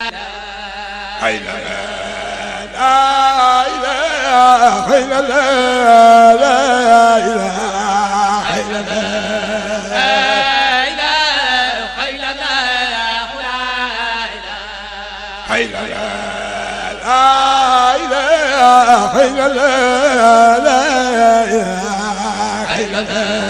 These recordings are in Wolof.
حيلا لا لا إلا الله لا إله لا الله حيلا لا لا إلا الله لا لا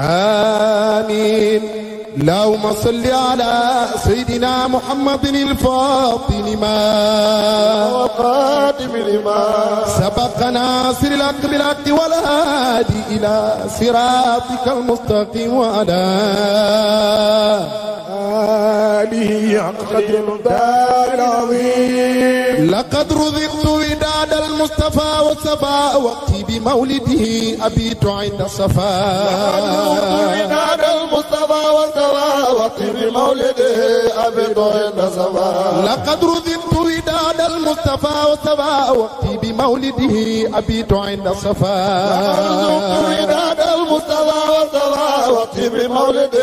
آمين اللهم صل على سيدنا محمد الفاطن ما وقادم لما سبق ناصر الحق والهادي إلى صراطك المستقيم وعلى آله عقد قدر العظيم لقد رزقت وداد المصطفى والصفا وقتي بمولده أبيت عند الصفا المصطفى والصفا وقتي بمولده أبيت عند الصفا لقد رزقت وداد المصطفى والصفا وقتي بمولده أبيت عند الصفا لقد رزقت وداد المصطفى وطيب مولدي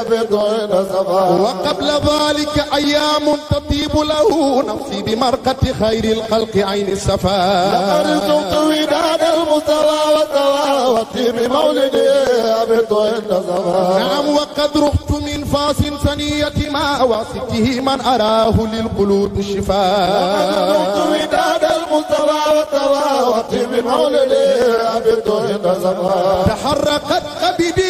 أبد نسبا وقبل ذلك أيام تطيب له نفسي بمرقة خير الخلق عين السفا لقد وداد المصطفى وتوى وطيب مولدي أبد نسبا نعم وقد رحت من فاس ثنية ما وسته من أراه للقلوب شفاء لقد وداد المصطفى وتوى وطيب مولدي أبد نسبا تحركت قبدي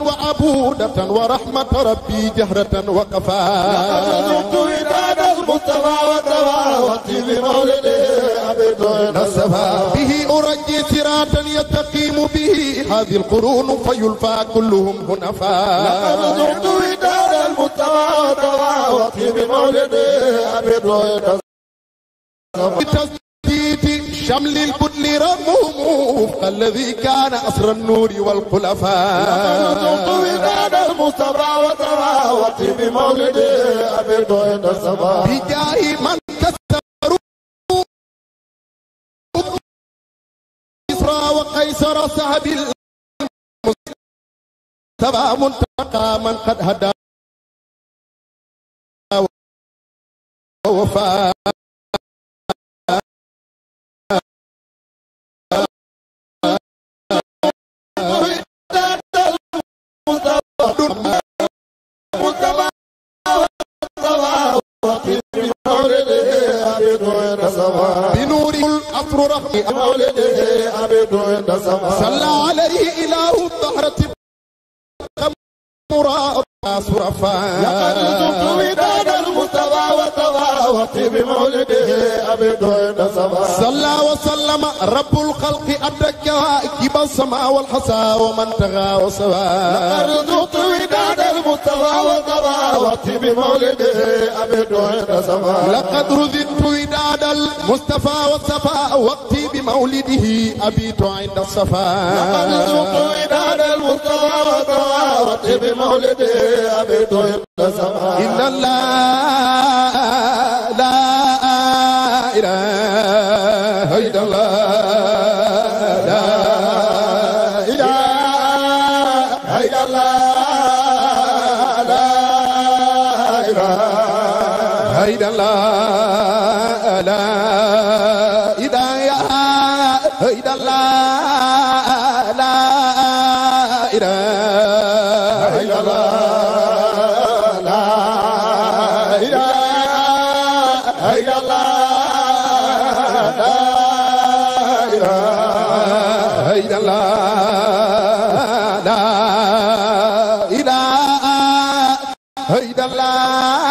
وحدة ورحمة ربي جهرة وقفا لقد ولاد المصطفى وتواوتي بمولده أبيت الصفا به أرجي صراطا يتقيم به هذه القرون فيلفى كلهم هنفا لقد زرت ولاد المصطفى وتواوتي بمولده أبيت شمل الكل رموم الذي كان أسر النور والخلفاء ذقت وداد المصطفى بجاه من إسراء وقيصر صاحب المصطفى منتقى من قد هدى ووفى لقد رزقت وداد المصطفى والصفا وقتي بمولده أبيت عند الصفا لقد المصطفى والصفا وقتي بمولده أبيت عند الصفا إن الله لا إله إلا الله إله إلا الله لا إله إلا الله لا إله إلا الله هيدا لا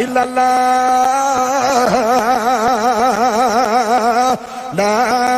إلا الله لا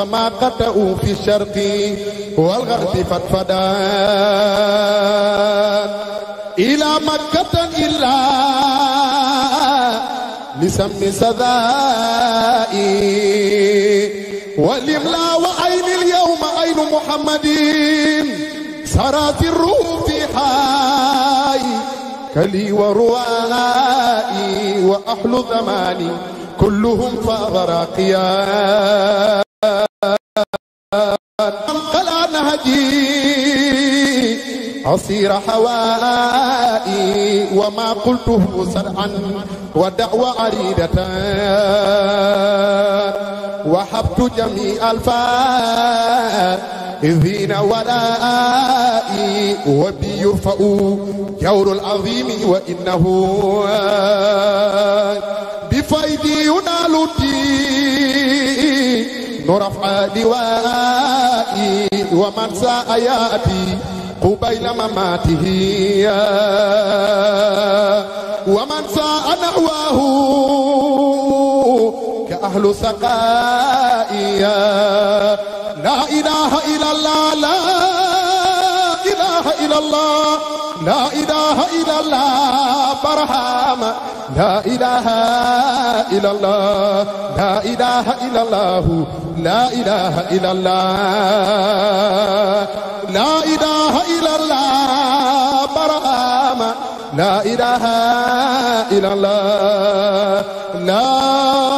فما قطعوا في الشرق والغرب فتفدا إلى مكة إلا لسم سذائي والإملاء وعين اليوم عين محمد سرات الروح في حي كلي وروائي وأحل زماني كلهم فاض راقيا تفسير حوائي وما قلته سرعا ودعوى عريضة وحبت جميع الفائزين ورائي وبي يرفع جور العظيم وإنه بفيدي ينال الدين نرفع لوائي ومن ساء يأتي قبيل مماته ومن ساء نحوه كأهل سقائيا لا إله إلا الله لا إله إلا الله لا إله إلا الله برهام لا إله إلا الله لا إله إلا الله لا إله إلا الله لا إله إلا الله برهام لا إله إلا الله لا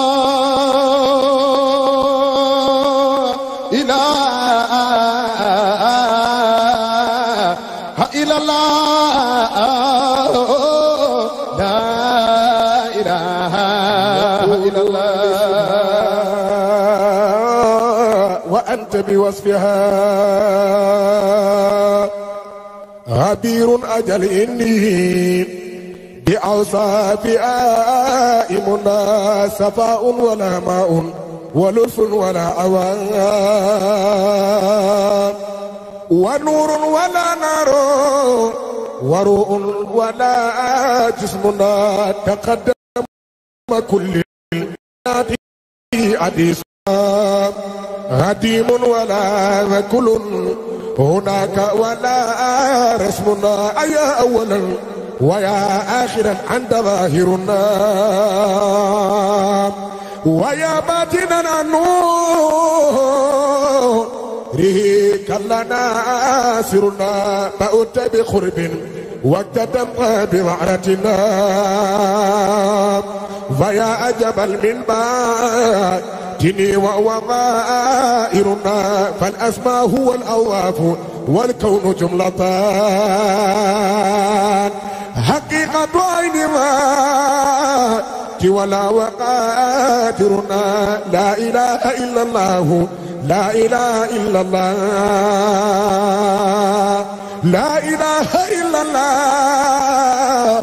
بوصفها غبير أجل إني بأوصاف لا سفاء ولا ماء ولطف ولا عوام ونور ولا نار وروء ولا جسمنا تقدم كل أديس غديم ولا مكل هناك ولا رسمنا أيا أولا ويا آخرا عند ظاهرنا ويا باطننا نوره كلنا سرنا فأت بخرب واقتدم بمعرتنا فيا أجبا من جني وهو ضائرنا فالأسماء هو الأواف والكون جملتان حقيقة عين ما ولا وقادرنا لا إله إلا الله لا إله إلا الله لا إله إلا الله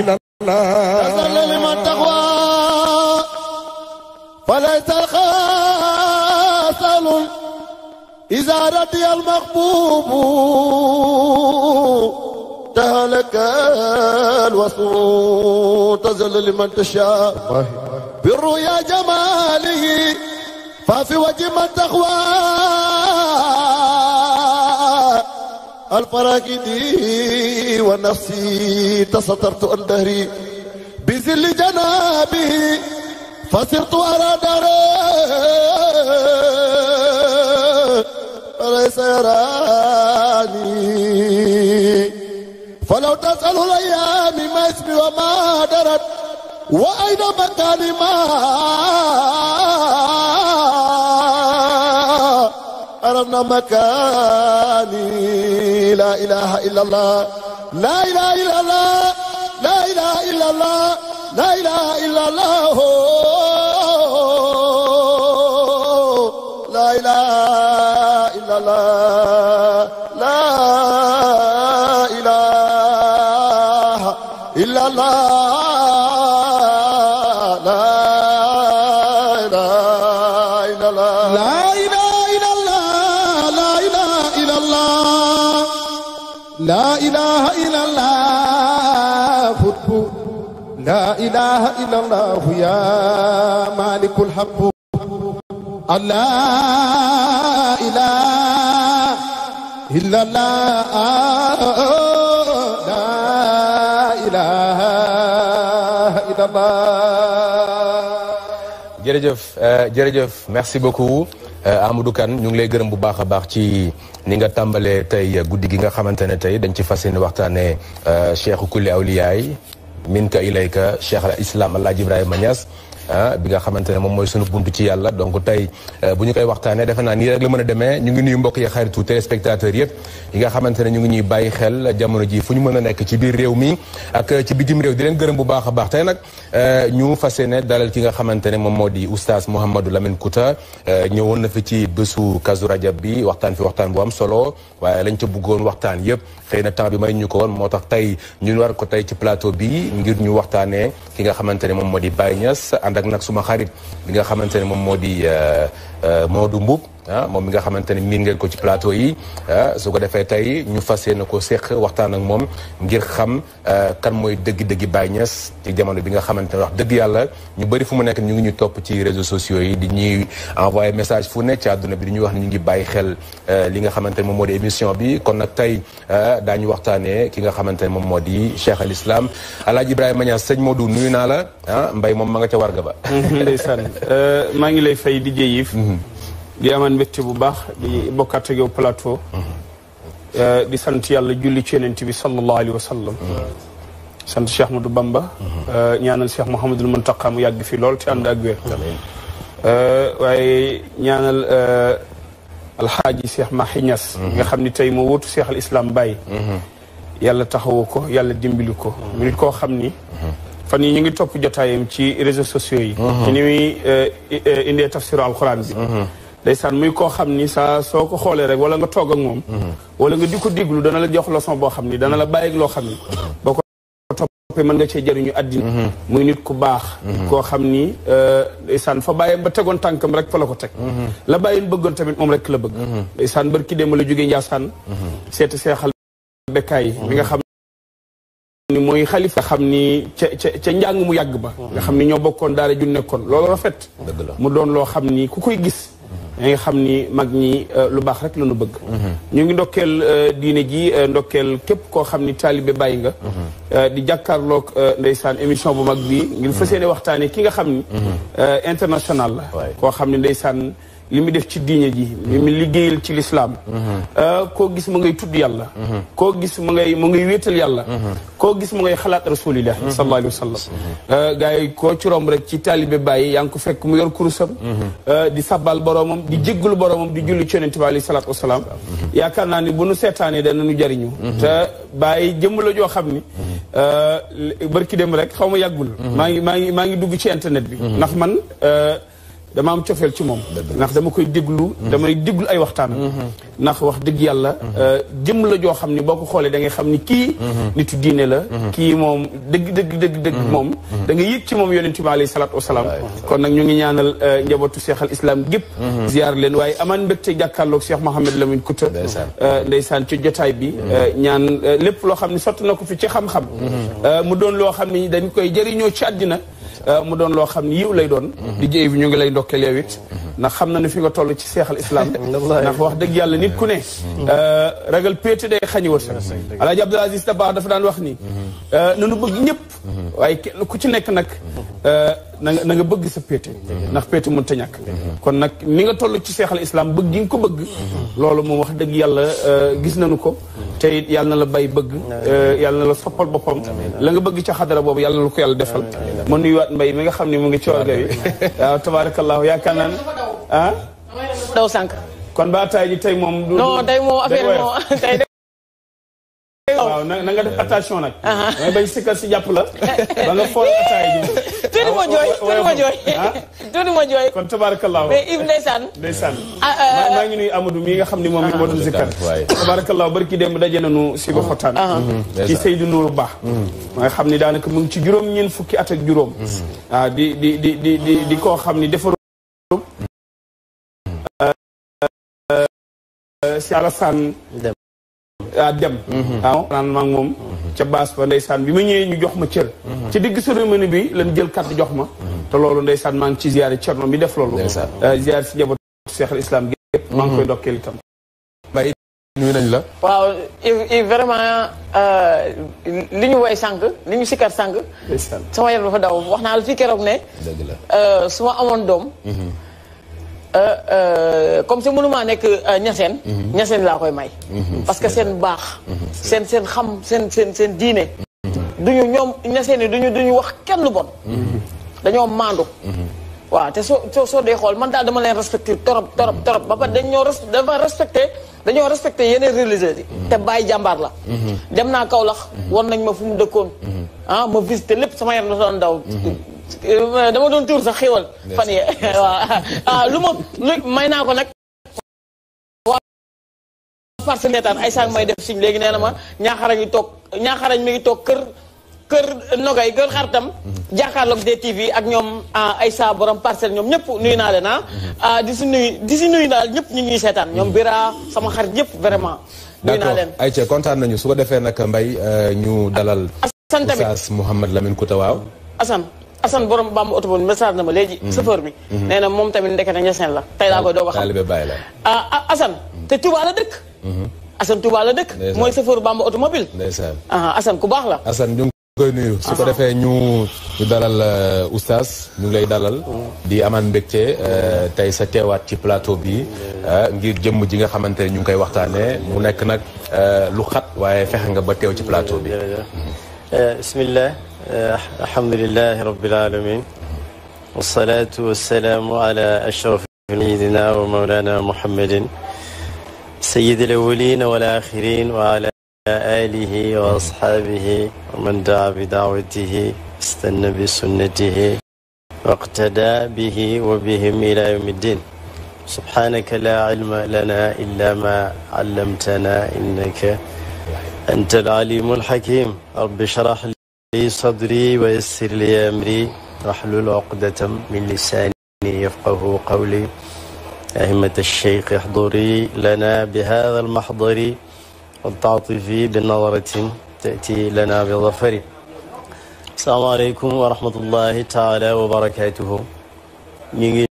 إلى الله تذل لمن تقوى فليس خاسل إذا ردي المغبوب تهلك الوصول تزل لمن تشاء بالرؤيا جماله ففي وجه من تخوى الفراقدي ونفسي تسطرت عن دهري بذل جنابه فصرت على داري فليس يراني فلو تسأل الأيام ما اسمي وما درت وأين مكاني ما أرنا مكاني لا إله إلا الله لا إله إلا الله لا إله إلا الله لا إله إلا الله ilaha illa allah ya la ilaha illa jërëjëf jërëjëf merci beaucoup Amadou Kane ñu ngi lay gërëm bu baax a baax ci ni nga tàmbalee tey guddi gi nga xamante ne tey dañ ci fas yéene waxtaanee Cheikh Kulli Awliyaay minka ilayka cheikh al islam alaaji ibrahima Niass ah bi nga xamante ne moom mooy sunu buntu ci yàlla donc tey eh, bu ñu koy waxtaanee defe naa nii rek la mën a demee ñu ngi nuyu mbokk yi xaritu téléspectateurs yëpp yi nga xamante ne ñu ngi ñuy bàyyi xel jamono ji fu ñu mën a nekk ci biir réew mi ak ci bitim réew di leen gërëm bu baax a baax tey nag eh, ñu fas yéene dalal ki nga xamante ne moom moo di oustaz Mouhamadou Lamine Kouta eh, ñëwoon na fi ci bésu Kazu Rajab bi waxtaan fi waxtaan bu am solo waaye lañ ca bëggoon waxtaan yëpp xëy na temps bi may ñu ko woon moo tax tey ñu war ko tey ci plateau bi ngir ñu waxtaanee ki nga xamante ne moom moo di Baye Niass ànd ak nag suma xarit bi nga xamante ne moom moo di euh, euh, moo du Mboup Ah, moom mi nga xamante ni miin ngeen ko ci plateau yi ah, su ko defee tey ñu fas yéene ko séq waxtaan ak moom ngir xam ah, kan mooy dëgg-dëggi baay ñas ci jamono bi nga xamante ne wax dëgg yàlla ñu bëri fu mu nekk ñu ngi ñu topp ci réseaux sociaux yi di ñuy envoyé message fu ne ci àdduna bi di ñuy wax ni ñu ngi bàyyi xel li nga xamante ne moom moo di émission bi kon nag tey daañu waxtaanee ki nga xamante ne moom moo di Cheikh al Islam Alaaji Ibrahima Niass sëñ Modou nuyu naa la ah Mbaye moom ma nga ca warga ba euh, di amaan mbégte bu baax di bokkaat ak yow plateau. Mm-hmm. Eh, di sant yàlla julli ci yonent bi sallallahu alayhi wa sallam. Mm-hmm. sant Cheikh Ahmadou Bamba. Mm-hmm. Eh, ñaanal Cheikh Mouhamadul Muntaqa mu yàgg fi lool te ànd ak wér. Eh, waaye ñaanal alxaaji Cheikh Mahi Niass. nga xam ni tey moo wóotu Cheikh al Islam Baye. yàlla taxawoo ko yàlla dimbali ko. mu nit koo xam ni. fan yi ñu ngi topp jotaayam ci réseaux sociaux yi. ni muy indee tafsiru alxuraan bi. ndeysaan muy ko xamni sa soko soo rek wala nga toog ak mom mhm. wala nga diko diglu dana la jox leçon bo xamni dana la baye ak lo xamni mhm. boo topé man nga ci jeriñu adina mhm. muy nit ku baax koo xam ni euh, ndeysaan fa baye ba tegoon tankam rek fa la ko tek la baye beugon tamit mom rek la bëgg ndeysaan barki dem la jógee Njaasaan seeti seexal bekay mi nga xamni ni mooy xalifa xam ci ca mu yag ba nga xamni ño bokkon daara ju nekkon loolu rafet mu don lo xamni ku koy gis ñi nga xam ni mag ñi euh, lu baax rek la ñu bëgg mhm. ñu ngi ndokkeel euh, diine ji euh, ndokkeel képp koo xam ni taalibe bàyyi nga mhm. di jàkkaarloog ndeysaan émission bu mag bii ngir fas waxtaan waxtaane ki nga xam ni mhm. international koo xam ni ndeysaan li mu def ci diine ji li mu liggéeyal ci lislaam mm-hmm. euh, ko gis mu ngay tudd yàlla mm-hmm. koo gis mu ngay mu ngay wéetal yàlla mm-hmm. koo gis mu ngay xalaat rasulillah sallallahu alayhi wa sallam euh, gars yi koo ci romb rek ci taalibe bàyyi yaa ngi fekk mu yor kurusam euh, di sabbal boroomam di jéggalu boroomam di julli ci yonente bi alayhi salaatu wasalaam yaakaar naa ni bu nu seetaanee danañu jariñu te bàyyi jëmm joo xam ni barki dem rek xaw ma yàggul maa ngi maa ngi maa ngi dugg ci internet bi ndax man dama am cofeel ci moom ndax dama koy déglu damay déglu ay waxtaan mm-hmm. ndax wax dëgg yàlla mm-hmm. euh, jëm la joo xam ni boo ko xoolee da ngay xam ni kii mm-hmm. nitu diine la kii moom dëgg dëgg dëgg dëgg moom danga nga ci moom yonent bi alayhi salaatu wasalaam kon nag ñu ngi ñaanal euh, njabootu cheikh al islam gépp ziar leen waaye amaan mbégte jàkkaarloog cheikh Mohamed Lamine Kouta euh, ndeysaan ci jotaay bi ñaan lépp loo xam ne sotti ko fi ci xam-xam mu doon loo xam ne dañ koy jëriñoo ci àddina Euh, mu doon loo xam ni yiw lay doon liggéey bi ñu ngi lay ndokkeel yow ndax xam na ne fi nga toll ci seexal islam ndax wax dëgg yàlla nit ku ne euh, ragal péete day xañi wërsëg alaaji Abdul Aziz Dabakh dafa daan wax ni euh, nanu bëgg ñëpp mm-hmm. waaye ku ci nekk nag mm-hmm. na nga na nga bëgg sa péete ndax péete mën ta ñàkk kon nag ni nga toll ci seexal islam bëgg gi nga ko bëgg loolu moom wax dëgg yàlla euh, gis na nañu ko te it yàlla na la bay bëgg euh, yàlla na la soppal boppam la nga bëgg ca xadara boobu yàlla na la ko yàlla defal ma nuyuwaat mbay mi nga xam ne mu ngi ci orga yi waaw tabaarakallaahu yaakaar naa ne ah daw sànq kon ba taay ji tey moom non tey moom affaire moom waaw na nga def eh. attention nag. Ah, ah. damay bañ sikkal si jàpp la. ba nga fool ataay ji. tuuti ma jooy tuuti kon tabaarakallaahu. mais Yves ndeysaan. Ah, maa ngi nuyu Amadou mi nga xam ni moom mi moo doon sikkar. tabaarakallaahu barki démb daje nañu si ba xotaan. Mm-hmm. ci Seydou Nourou Ba. ma mm-hmm. xam ni daanaka mu ngi ci juróom ñeent fukki at juróom. Mm-hmm. di di di di di di koo xam ni defaru si Alassane ah dem waaw naan maag moom ca baas ba ndeysaan bi mu ñëwee ñu jox ma cër ci digg cérémonie bi lañ jël carte jox ma te loolu ndeysaan maa ngi ci ziyaare cerno bi def loolu euh, ziyaare si njaboot seexal islam gi yëpp maa ngi koy dokkeel itam bay nuyu nañ la waaw i vraiment euh, li ñu woy sànq li ñu sikkar sànq sama yaram dafa daw wax naa la fii keroog ne euh, su ma amoon doom mhm. Euh, euh, comme si mënuma nekk ñaseen euh, mhm. ñaseen laa koy may mhm. parce que seen baax mhm. seen seen xam seen seen seen diine ñu ñoom ñaseen yi du ñu wax kenn lu bon dañoo maandu waaw te soo soo dee xool man daal dama leen respecté torop torop torop ba pare dañoo dafa respecté dañoo respecté yeneen religieux yi te bàyyi jàmbaar la dem naa Kaolack war nañ ma fu mu dëkkoon ah ma visité lépp sama yaram dafa ndaw Euh, dama doon tuur sax xéwal fan yee waaw ah, lu ma lu may naa ko nag waa parce que neetaan ay sang may def siñ léegi nee na ma ñaaxarañ ngi toog ñaaxarañ mi ngi toog kër kër nogay kër xaritam mhm. jàkkaarloog DTV ak ñoom ah, ay saa borom parcelle ñoom ñëpp nuyu naa leen ah. Mhm. ah di si nuyu di si nuyu daal ñëpp ñu ngi seetaan ñoom mhm. bira sama xarit ñëpp vraiment nuyu naa leen ay ci kontaan nañu su ko defee nag mbay euh, ñu dalal Assane tamit Oustaz Mouhamed Lamine waaw Assane assan borom bamb oto boobu message na ma léegi. Mhm. chauffeur bi. Mhm. nee na moom tamit ndekete ñaseen la. tey laa koy doog a xam taalibe Baay la. ah, ah Assane mhm. te Touba la dëkk. mooy chauffeur bamb automobile. ndeysaan ah Assane ku baax la. assan ñu ngi koy su ko defee ñu ñu dalal euh, oustaz ñu lay dalal. Mm. di amaan mbégte euh, tey sa teewaat ci plateau bi. Euh, ngir jëmm ji nga xamante ne ñu ngi koy waxtaanee mu nekk nag lu xat waaye fexe nga ba teew ci plateau bi. الحمد لله رب العالمين والصلاة والسلام على أشرف سيدنا ومولانا محمد سيد الأولين والآخرين وعلى آله وأصحابه ومن دعا بدعوته استنى بسنته واقتدى به وبهم إلى يوم الدين سبحانك لا علم لنا إلا ما علمتنا إنك أنت العليم الحكيم رب شرح لي لي صدري ويسر لي أمري واحلل عقدة من لساني يفقه قولي أهمة الشيخ احضري لنا بهذا المحضر والتعطفي بنظرة تأتي لنا بظفر السلام عليكم ورحمة الله تعالى وبركاته نيجي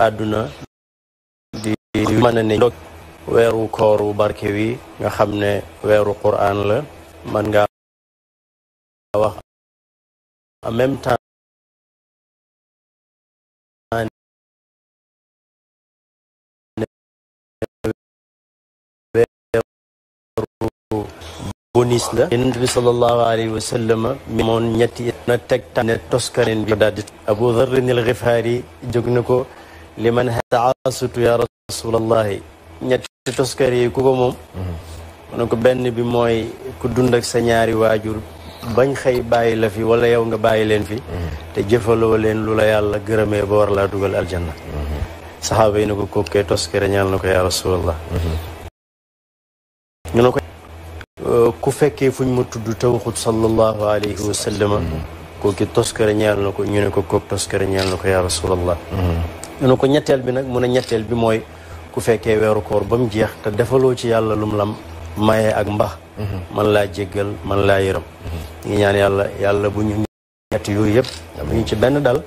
أدنى دي weeru koor wu barke wi nga xam ne weeru quraan la man nga wax en même temps weeru bonis bi sallallahu abu dharrin al xifaari jóg ko liman taasutu ya rasulallahi ñetti ci toskar yi ku ko moom mm-hmm. mu ne ko benn bi mooy ku dundak sa ñaari waajur bañ xëy bàyyi la fi wala yow nga bàyyi leen fi mm-hmm. te jëfaloo leen lu la yàlla gërëmee ba war laa dugal aljanna mm-hmm. saxaaba yi ne ko kookee toskare ko ne ko euh, ku fuñ ma tudd tawxut sallallahu alayhi wa toskare ñaal na ko ñu ne ko kook toskare ñaal na ko yaa rasulallah ñu ne ko ñetteel bi nag mu ne ñetteel bi mooy ku fekke wéru koor bam jeex te defalo ci yalla lum lam maye ak mbax mhm. man la jéggel man la yërem mhm. ñi ñaan yalla yalla bu ñu ñett yooyu yëpp bu ñu ci benn dal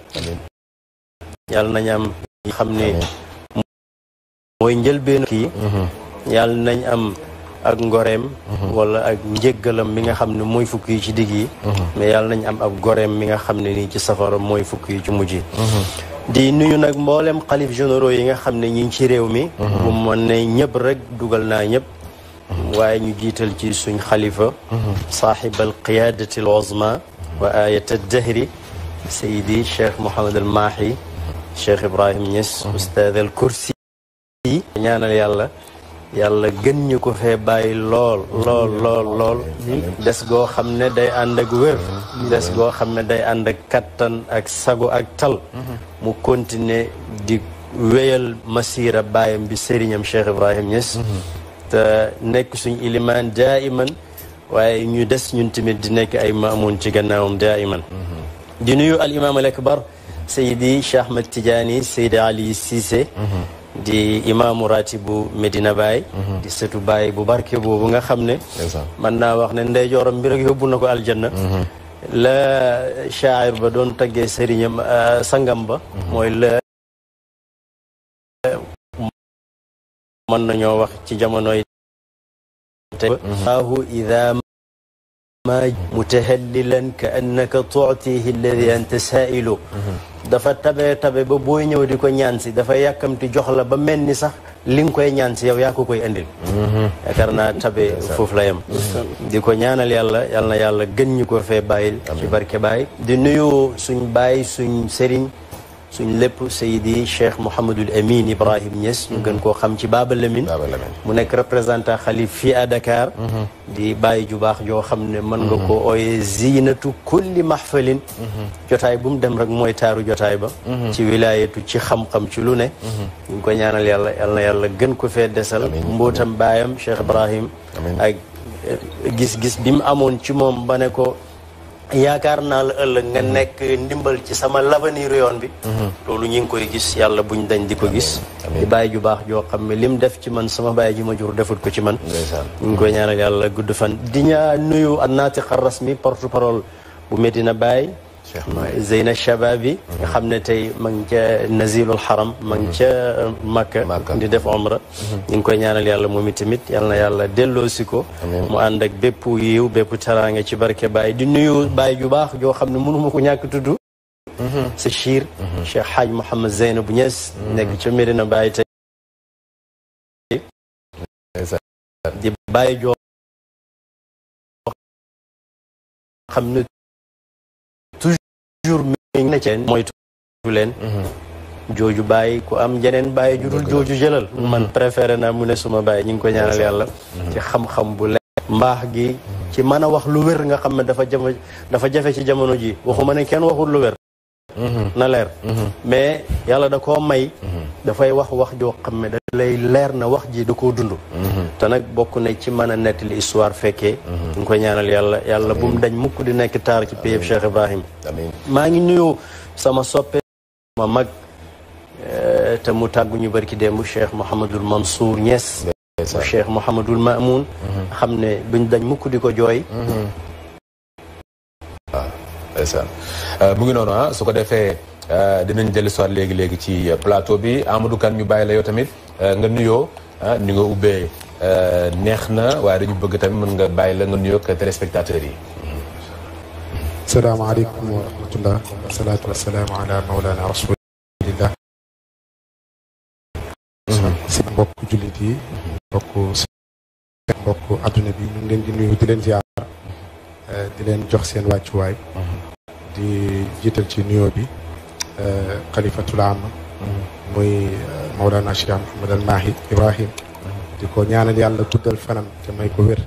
yalla nañ am xamné moy ñël njëlbeenu ki mhm. yalla nañ am ak ngoreem wala ak njéggalam mi nga xam moy fukk yi ci digg yi mais yalla nañ am ak goreem mi nga xam ni ci safara moy fukk yi ci mujjii di nuyu nak mbollem khalif généraux yi nga xamne ñi ci réew mi bu mo ne ñëpp rek duggal na ñëpp waye ñu jiital ci suñ khalifa sahib al qiyadati al uzma wa ayat al dahri sayyidi cheikh mohammed al mahi cheikh ibrahim Niass ustaad al kursi ñaanal yàlla yàlla gën ñu ko fee bàyyi lool lool lool lool des goo xam ne day ànd ak wér des goo xam ne day ànd ak kattan ak sago ak tal mu continuer di wéyal masiira baayam bi sëriñam Cheikh Ibrahim Niass te nekk suñ ilimaan daiman waaye ñu des ñun tamit di nekk ay maamoun ci gannaawam daiman di nuyu al imaam al akbar sayidi Cheikh Ahmed Tidiane Ali Cissé di imaamu ratibu Medina Baye. Mhm. di sëtu Baye bu barke boobu nga xam ne. man naa wax ne ndeyjooram bi rek yóbbu na ko aljanna. Mhm. la shaayir ba doon taggee sëriñam euh, sangam ba. Mhm. mooy la mën nañoo wax ci jamonoy. tey. ma mutahalilan ka annaka tuutihi alladi anta saailu dafa tabe tabe ba booy ñëw di ko ñaan si dafa yàkkamti jox la ba mel ni sax li nga koy ñaan si yow yaa koy andil yaakaar naa tabe foofu la yem di ko ñaanal yàlla yal na yàlla gën ñu ko fee bàyyil ci barke bàyyi di nuyu suñ bàyyi suñ sëriñ suñ lépp Seydi Cheikh Mouhamadul Amin Ibrahim Niass ñu gën koo xam ci Baba Lamine mu nekk représentant xalif fii à Dakar mhm. di bàyyi ju baax xam ne mën nga ko mhm. ooye ziinatu kulli mahfalin mhm. jotaay bu mu dem rek mooy taaru jotaay ba ci wilaayatu ci xam-xam ci lu ne ñu ko ñaanal yàlla yal na yàlla gën ko fee desal mbootam baayam Cheikh Ibrahim ak eh, gis-gis ci moom ba ko yaakaar naa la ëllëg nga nekk ndimbal ci sama l'avenir yoon bi mhm. loolu ñu ngi koy gis yàlla bu buñ dañ di ko gis di bàyyi ju baax joo xam ne lim def ci man sama bàyyi ji ma jur defut ko ci man ñu ngi koy ñaanal yàlla gudd fan di ñaa nuyu an naatiq xaras mi porte parole bu Medina Baye zeyna shababi nga mhm. xam ne tey ma ngi ca nazilul xaram ma ngi mhm. ca makka di def omra mhm. ñu ngi koy ñaanal yàlla moom itamit yal na yàlla delloosi ko mu ànd ak bépp yiw bépp teraanga ci barke Baye di nuyu Baye ju baax joo xam ne mënuma ko ñàkk tudd sa chiir Cheikh Haaj Mouhamad Zeynabu Ñas nekk ca Medina Baye tey di Baye joo xam ne ne ceen moytu leen mhm. jooju bàyyi ku am jeneen bàyyi judul jooju jëlal mhm. man préféré na mu ne suma baay ñi ngi ko ñaanal yàlla mhm. ci xam-xam bu leer mbaax gi ci mën a wax lu wér nga xam ne dafa jafe dafa jafe ci jamono ji waxuma ne kenn waxul lu wér na leer mais yàlla da koo may dafay wax wax joo xam ne da lay leer na wax ji da koo dund te nag bokk na ci mën a nettali histoire fekkee mhm. ñu koy ñaanal yàlla yàlla bu mu dañ mukk di nekk taar ci péyeb Cheikh Ibrahim maa ngi nuyu sama soppe ma mag eh, te mu tàggu tàgguñu barki démb Cheikh Mouhamadul Mansour Niass Cheikh Mouhamadul Mamoun mhm. xam ne buñ dañ mukk di ko jooy mhm. ndeysaan euh, mu ngi noonu ah su ko defee euh, dinañ dellu soit léegi léegi ci euh, plateau bi Amadou ñu bàyyi la yoo tamit nga nuyoo ah, ni nga ubbee neex na waaye dañu bëgg tamit mën nga bàyyi la nga nuyoo ak téléspectateurs yi. salaamaaleykum wa rahmatullah wasalaatu wasalaamu ala mawlana rasulillah si leen leen ziar di leen jox seen wàccuwaay. di jiital ci nuyoo bi xalifatul am muy Mawlana Cheikh Mouhamad al Mahi Ibrahim di ko ñaanal yàlla guddal fanam te may ko wér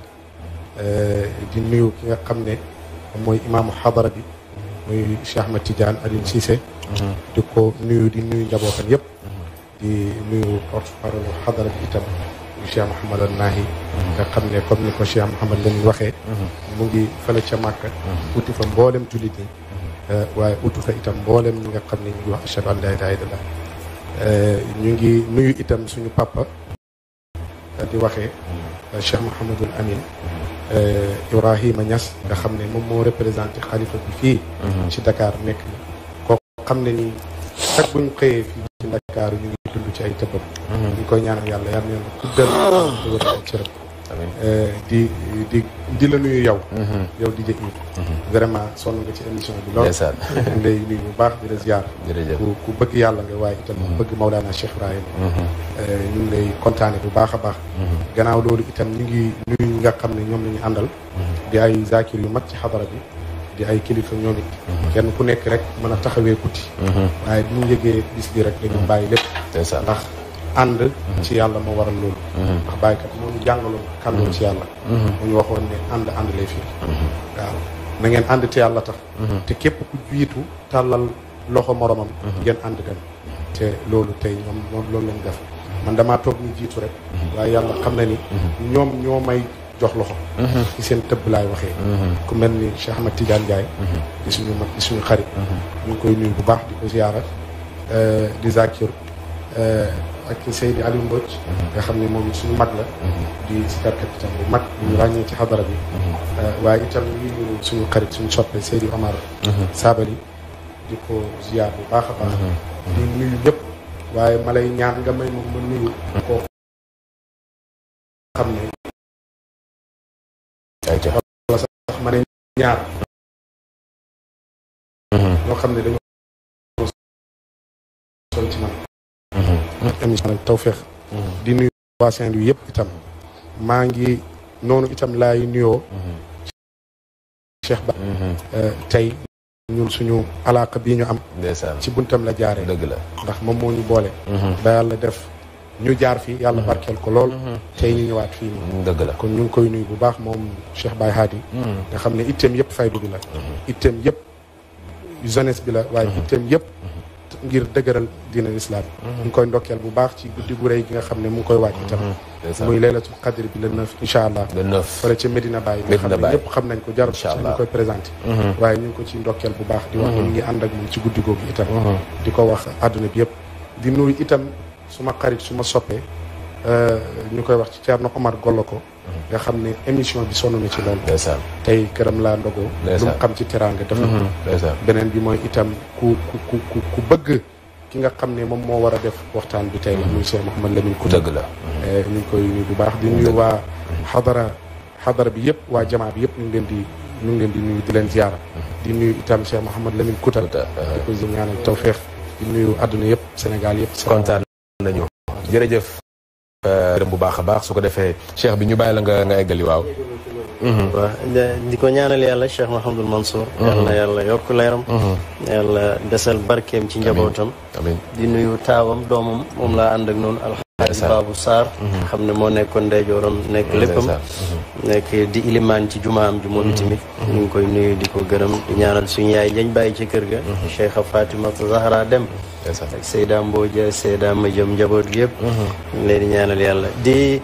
di nuyu ki nga xam ne mooy imaamu bi muy Cheikh Ahmad Tidiane Alioune Cissé di ko nuyu di nuyu njabootam yëpp di nuyu porte-parole xadara bi itam bu Cheikh Mouhamad Naahi nga xam ne comme ni ko Cheikh Mouhamad la ñu waxee mu ngi fële ca Màkka uti fa mboolem jullit ñi eh, waaye utu fa itam mboolem ñi nga xam ne ñu ngi wax ashhadu an laa ilaaha illallaah eh, ñu ngi nuyu itam suñu papa eh, di waxee Cheikh Mouhamadul Amin Ibrahima Niass nga xam ne moom moo représenté xalifa bi fii mhm. ci Dakar nekk kooku xam ne ni chaque buñ xëyee fii Ndakaaru ñu ngi dund ci ay tëbbam. Mhm. ñu ngi koy ñaanal yàlla yal na yàlla guddal. dugal ay cëram. Eh, di di di la nuyu yow. Mhm. yow di jëg mhm. vraiment sonn nga ci émission bi lool. ndeysaan lay bu baax di la ziar. ku ku bëgg yàlla nga waaye itam ku bëgg Maulana Cheikh Ibrahim. Eh, ñu ngi lay kontaane bu baax a baax. gannaaw loolu itam ñu ngi nga xam ne ñoom la ñu àndal. di ay zakir yu mag ci xadara bi. di ay kilifa ñoom mhm. kenn ku nekk rek mëna taxawé kuti mhm. waye bu ñu yëgee bis bi rek dañu bàyyi lepp ndax and mhm. ci yalla mo waral lool ndax kat mo ñu jàngaloon kaddu ci yalla mu ñu waxon né and and lay fi waaw na ngeen and ci yalla tax té képp ku jitu talal loxo moromam ngeen and dem té loolu tay ñom loolu lañ def man dama tok ñu jitu rek waye yalla xam na ni ñom ñomay jox loxo. ci seen tëbb laay waxee. ku mel ni Cheikh Ahmed Tidiane Ndiaye. di suñu mag di suñu xarit. ñu ngi koy nuyu bu baax di ko ziyaara di Zakir ak Seydi Aliou Mbodj. nga xam ne moom suñu mag la. di sikar kapitan bu mag bu ñu ràññee ci xadara bi. waaye itam ñu ngi suñu xarit suñu soppe Seydi Omar. Sabali di ko ziyaar bu baax a baax. di nuyu ñëpp waaye ma lay ñaan nga may moom ma nuyu. koo xam ne. wala sax ma ne mm-hmm. xam ne dañoo sonn ci man émission mm-hmm. mm-hmm. di nuyu waa Saint-Louis yëpp itam maa ngi noonu itam lay nuyoo Cheikh Ba euh, tey ñun suñu alaaka bii ñu am ci buntam la jaaree dëgg la ndax moom moo boole da yàlla def ñu jaar fii yàlla mm-hmm. barkeel ko lool mm-hmm. tey ñu ñëwaat fii nii mm-hmm. dëgg la kon ñu ngi koy nuyu bu baax moom Cheikh Baye Hadi nga xam ne itteem yëpp faydu bi la itteem yëpp jeunesse bi la waaye itteem yëpp ngir dëgëral diina islam ñu ngi koy ndokkeel bu baax ci guddi gu rëy gi nga xam ne mu ngi koy wàcc itam muy laylatul qadr bi le neuf incha allah le neuf fële ca Medina Baye nga xam ne xam nañ ko jarul ci ñu koy présenté waaye ñu ngi ko ci ndokkeel bu baax di wax ne ngi ànd ak moom ci guddi googu itam di ko wax addina bi yëpp suma xarit suma soppee euh, ñu koy wax ci Thierno Omar Gollo ko mhm. nga xam ne émission bi sonn na ci loolu tey këram laa ndogoo lu mu xam ci teraanga mhm. def na beneen bi mooy itam ku ku ku ku bëgg ki nga xam ne moom moo war a def waxtaan bi tey la mhm. muy Cheikh Mouhamed Lamine Kouta dëgg la eh, ñu ngi koy bu baax di nuyu waa xadara xadara bi yëpp waa jamaa bi yëpp ñu ngi leen di ñu ngi leen di nuyu di leen ziara di nuyu itam Cheikh Mouhamed Lamine Kouta di ko uh-huh. ñaanal tawféex di nuyu àdduna yëpp Sénégal yëpp kontaan nañu jërëjëf euh, gërëm bu baax a baax su ko defee cheikh bi ñu bàyyi la nga nga eggali waaw mm-hmm. waaw di ko ñaanal yàlla cheikh mahamadul mansour mm-hmm. yàlla na yàlla yokk leeram mm-hmm. yàlla desal barkeem ci njabootam di nuyu taawam doomam moom laa ànd noon noonu alxaaji baabu sarr xam ne moo nekkoon ndeyjooram nekk léppam nekk di ilimaan ci jumaam ji moom tamit ñu ngi koy nuyu di ko gërëm ñaanal suñu yaay jañ bàyyi ci kër ga cheikh fatima zahra dem ak Seyda Mbodj Seyda Madiame njaboot gi yëpp. Mhm. ñu leen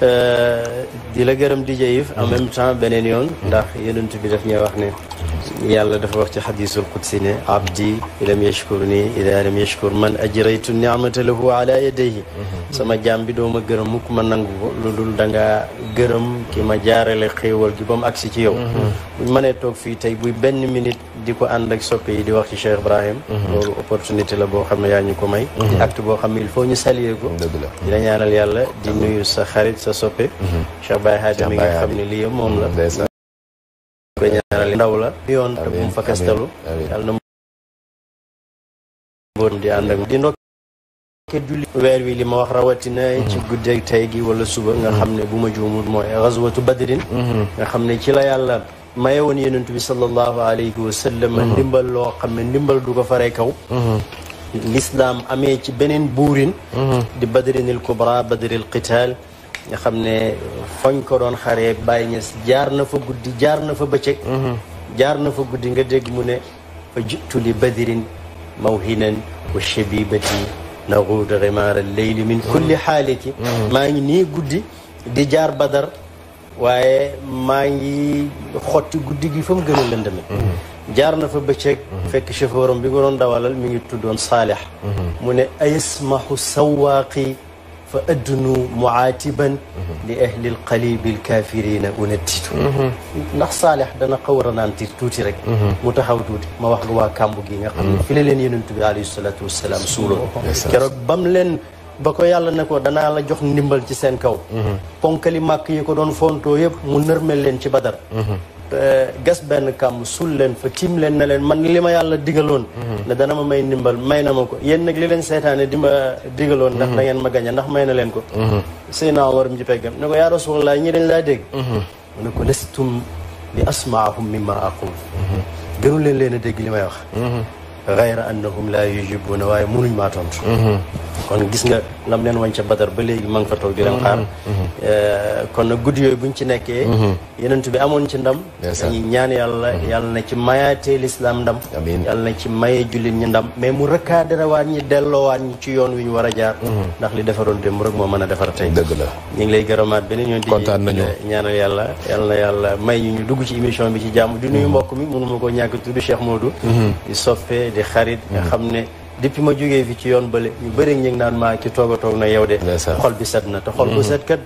Euh, di la gërëm di jëyif en même temps beneen yoon ndax yonent bi def ñuy wax ne yàlla dafa wax ci xadisul qudsi ne abdi lam yashkur ni ida lam yashkur man ajraytu niamata lahu ala yadayhi mhm. sama jaam bi doo ma gërëm mukk ma nangu ko lu dul da nga gërëm ki ma jaarale xéewal gi ba mu agsi ci yow buñ mhm. mënee toog fii tey buy benn minute di ko ànd ak soppe yi di wax ci Cheikh Ibrahim mhm. loolu la boo xam ne yaa ñu ko may di boo xam ne il ñu saluer ko di la ñaanal sa soppe Cheikh Baye Hadji mi nga xam ne lii moom la ko ñaanale ndaw la yoon te bu mu fa kastalu yàlla na mboon di ànd ak di ndokkee julli weer wi li ma wax rawatina ci guddeeg tey gi wala suba nga xam ne bu ma juumul mooy xaswatu badrin nga xam ne ci la yàlla maye woon yonent bi sallallahu alayhi wa sallam ndimbal loo xam ne ndimbal du ko faree kaw lislaam amee ci beneen buurin di badrinil kubra badril qitaal nga xam ne fañ ko doon xaree Baye Niass jaar na fa guddi jaar na fa bëccëg mhm. jaar na fa guddi nga dégg mu ne fa jitu li badirin mawhinan wa shabibati naguud rimaara leyli min kulli xaaliki mhm. mhm. maa ngi nii guddi di jaar badar waaye maa ngi xotti guddi gi fa mu gën a lëndame jaar na fa bëccëg fekk chauffeuram bi nga doon dawalal mi ngi tuddoon Saalix mu ne ayasmahu sawaaqi فأدنوا معاتبا لأهل القليب الكافرين أندتتو ndax Saalix dana xaw a ralentir tuuti rek mu taxaw tuuti ma wax lu waa kàmbu gi nga xam ne fi la leen yonent bi alayhi salaatu wasalaam suuloo keroog bam leen ba ko yàlla ne ko danaa la jox ndimbal ci seen kaw ponkali màkk yi ko doon fontoo yëpp mu nërmel leen ci badar gas benn kàmm sul leen fa tiim leen na leen man li ma yàlla digaloon ne dana ma may ndimbal may na ma ko yéen nag li leen seetaane di ma digaloon ndax da ngeen ma gañe ndax may na leen ko sëy naa warum ci peggam ne ko yaa rasulallah ñi dañ laa dégg mu ne ko lestum bi asmaahum mimma aqul gënu leen leen a dégg li may wax gayra annahum laa yujibuuna waaye mënuñ maa tontu kon gis nga lam leen wañ ca badar ba léegi ma ngi fa toog di mm-hmm. xaar mm-hmm. Eh, kon nag guddi yooyu buñ ci nekkee mm-hmm. yenentu bi amoon ci ndam dañuy ñaan yàlla yàlla na ci mayaatee lislaam ndam yàlla na ci mayee jullit ñi ndam mais mu rëkkaaderewaat ñi delloowaat ñi ci yoon wi ñu war a jaar ndax li defaroon démb rek moo mën a defar tey dëgg la ñu ngi lay gërëmaat beneen yoon di ñaanal yàlla yàlla na yàlla may ñu ñu dugg ci émission bi ci jàmm di nuyu mbokk mi mënuma ko ñàkk tudd Cheikh Modou di xarit nga xam ne depuis ma jógee fi ci yoon bële ñu bëri ñu ngi naan maa ki toog a toog na yow de xol bi set na te xol bu mm-hmm. set kat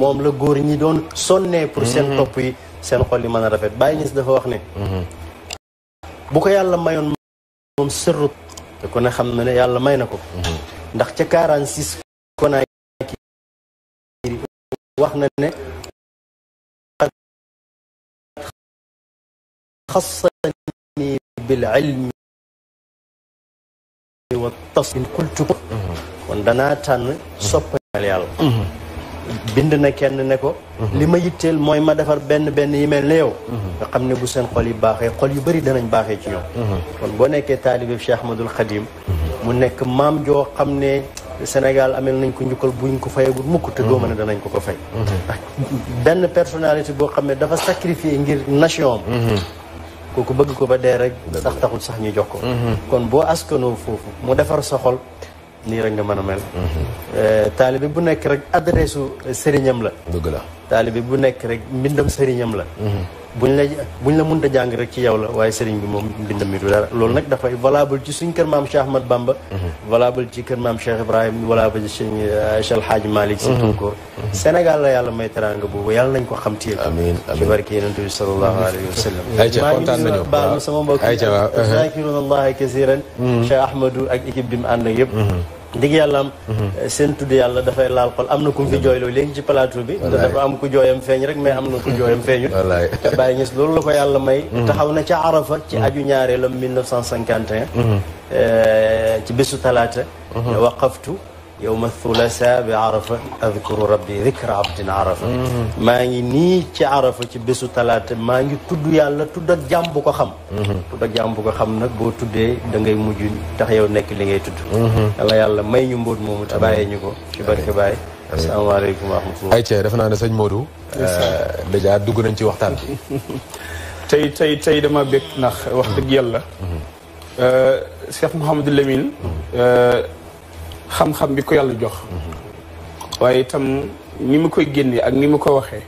moom la góor ñi doon sonnee pour seen mm-hmm. topp yi seen xol yi mën a rafet Baye Niass dafa wax ne mm-hmm. ko yàlla mayoon moom sërru te ku ne xam na ne yàlla may na ko ndax ca na ne xassani bil ilmi wa tasmin kultu ko kon danaa tànn soppal yàlla bind na kenn ne ko li ma yitteel mooy ma defar benn benn yi mel ne yow nga xam ne bu seen xol yi baaxee xol yu bëri danañ baaxee ci ñoom kon boo nekkee taalibe bi Cheikh Ahmadul Khadim mu nekk maam joo xam ne Sénégal amel nañ ko njukkal buñ ko fayagul mukk te doo mën a danañ ko ko fay benn personnalité boo xam ne dafa sacrifié ngir nation am kooku bëgg ko ba dee rek sax taxul sax ñu jox ko mhm. kon boo askanoo foofu mu defar sa xol nii rek nga mën a mel mhm. eh, taalibe bu nekk rek adresse u eh, sëriñam la dëgg la taalibe bu nekk rek mbindam sëriñam la mhm. buñ la buñ la mënta jàng rek ci yow la waaye sëriñ bi moom mbindam loolu nag dafay valable ci suñ kër maam Cheikh Ahmad Bamba mhm. valable ci kër maam Cheikh Ibrahim valable ci suñ euh, Cheikh Hadj Malick si mhm. Tunkor mhm. Sénégal la yàlla may teranga boobu yàlla nañ ko xam téye ci barke yonent bi sallallahu alayhi wa sallam maa ngi baal ma sama mbokk zakirunallaha kasiran Cheikh Ahmadou ak équipe bi mu ànd yëpp digg yàlla am mhm. seen tudd yàlla dafay laal xol am na ku mu fi jooyloo léegi ci plateau bi te dafa am ku jooyam feeñ rek mais am na ku jooyam feeñut Baye Niass loolu la ko yàlla may mhm. taxaw na ca Arafa ci mhm. aju ñaareelam 1951 eh, ci bésu talaata waqaftu yow yowma thulasa bi arafa adkuru rabbi dikra abdin arafa maa ngi nii ci arafa ci bésu talaata maa ngi tudd yàlla tudd ak jàmm bu ko xam tudd ak jàmm ko xam nag boo tuddee da ngay mujj tax yow nekk li ngay tudd yàlla may ñu mbóot moom te bàyyee ñu ko ci barke Baay asalaamaaleykum wa rahmatulah ay cee defe naa ne sëñ Modou déjà euh, dugg nañ ci waxtaan bi tey tey tey dama bég ndax wax dëgg yàlla mm-hmm. euh, Cheikh Mouhamadou Lamine mm-hmm. euh, xam-xam bi ko yàlla jox waaye itam ni mu koy génnee ak ni mu ko waxee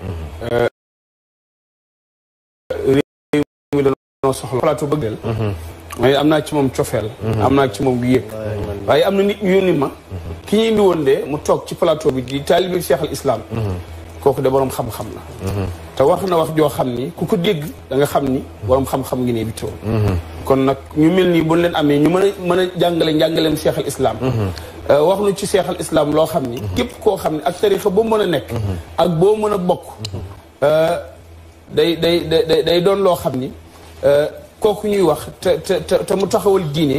réew mi danoo soxla plateau am naa ci moom cofeel am naa ci moom yëg waaye am na nit ñu ni ma ki ñu indi woon de mu toog ci plateau bi di taalibe Cheikh al Islam kooku de boroom xam-xam la te wax na wax joo xam ni ku ko dégg da xam ni boroom xam-xam ngi ne bi kon nag ñu mel nii bu leen amee ñu mën a mën a jàngale njàngaleem Cheikh al Islam Euh, wax nu ci seexal islaam loo xam ni mhm. képp koo xam ne ak tarixa mu mën a nekk mhm. ak boo mën a bokk mhm. euh, day day day doon loo xam ni euh, kooku ñuy wax te te te mu taxawal diine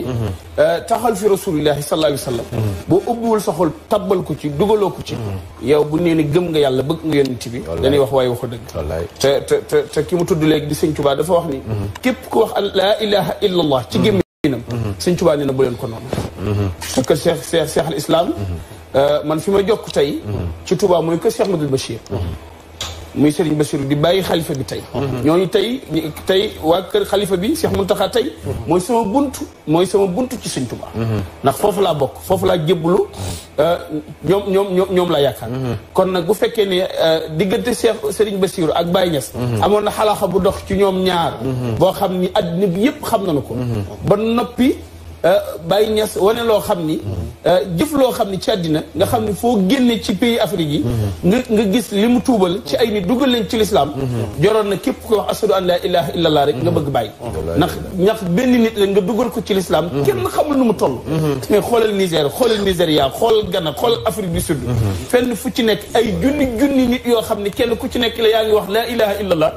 taxal fi rasulillahi sallallahu alayhi wa sallam boo ubbiwul sa xol tabbal ko ci dugaloo ko ci yow bu nee ni gëm nga yàlla bëgg nga yonent bi dañuy wax waaye waxu dëgg te te ki mu tudd léegi di sëñ Tuubaa dafa wax ni képp ko wax laa ilaha illa allah ci gémmiñam sëñ Tuubaa nee na bu leen ko noonu ak kër Cheikh seex Cheikh al Islam. Mhm. Euh, man fi ma jokk tey. Mhm. ci tubaa mooy kër Cheikh Madou Bachir. Mhm. muy Serigne Bassirou di bàyyi xalifa bi tey. ñooñu tey tey waa kër xalifa bi Cheikh Mountakha tey. mooy sama buntu mooy sama buntu ci Serigne ndax foofu laa bokk foofu laa jébbalu euh, ñoom ñoom ñoom laa yaakaar. kon nag bu fekkee ne euh, diggante Cheikh Serigne Bassirou ak Baye Niass. amoon na xalaaxa bu dox ci ñoom ñaar. boo xam ni àddina bi yëpp xam nañu ko. ba noppi. Euh, Baye Niass wane loo xam ni. Euh, jëf loo xam ni ci àddina nga xam ni foo génnee ci pays Afrique yi. nga nga gis li mu tuubal ci ay nit dugal leen ci lislaam joroon na képp ko wax ashadu an laa ilaaha illallah rek nga bëgg bàyyi. ndax ñax benn nit la nga dugal ko ci lislaam mhm. kenn xamul nu mu toll. mais mhm. xoolal Niger xoolal Nigeria xoolal Ghana xoolal Afrique du Sud. Mhm. fenn fu ci nekk ay junni junni nit yoo xam ni kenn ku ci nekk la yaa ngi wax laa ilaaha illallah.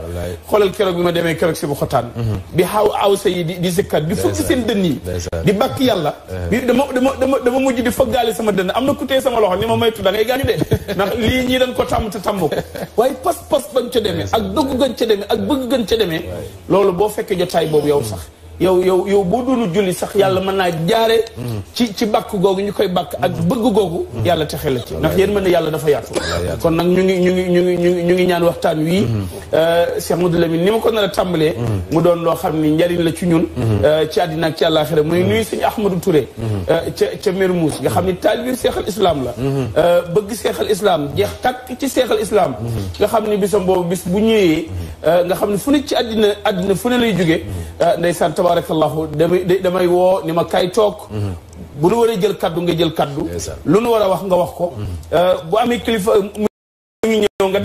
xoolal keroog bi ma demee keroog si bu xotaan. di di zikkat bi fukki bàkk yàlla di eh. dama dama dama dama mujj di gaale sama dënn am na ku tee sama loxo ni ma moytu da ngay gaañu de ndax lii ñii dañ ko tàmm te tàmm ko waaye pas-pas bañ ca demee ak dëgg gën ca demee ak bëgg gën ca demee loolu boo fekkee jotaay boobu yow sax yow yow yow boo doonu julli sax yàlla mën naa jaare ci ci bàkk googu ñu koy bàkk ak bëgg googu yàlla texe la ci ndax yéen mën na yàlla dafa yaatu kon nag ñu ngi ñu ngi ñu ngi ñu ngi ñu ngi ñaan waxtaan wii mm-hmm. euh, Cheikh Modou Lamine ni ma ko nar a mm-hmm. mu doon loo xam ni njariñ la ci ñun mm-hmm. euh, ci àddina ak ci àllaaxira muy nuyu sëñ Ahmadou Touré euh, ca ca Mermoz nga xam ni taalibi seexal islaam la bëgg seexal islaam jeex tàkk ci seexal islaam nga xam ni bisam boobu bis bu ñëwee nga xam ne fu ne ci àddina àddina fu ne lay jóge ndeysaan tabarakallahu damay damay woo ni ma kay toog bu nu waree jël kaddu nga jël kaddu lu nu war wax nga wax ko euh, bu amee kilifa mu ngi ñëw nga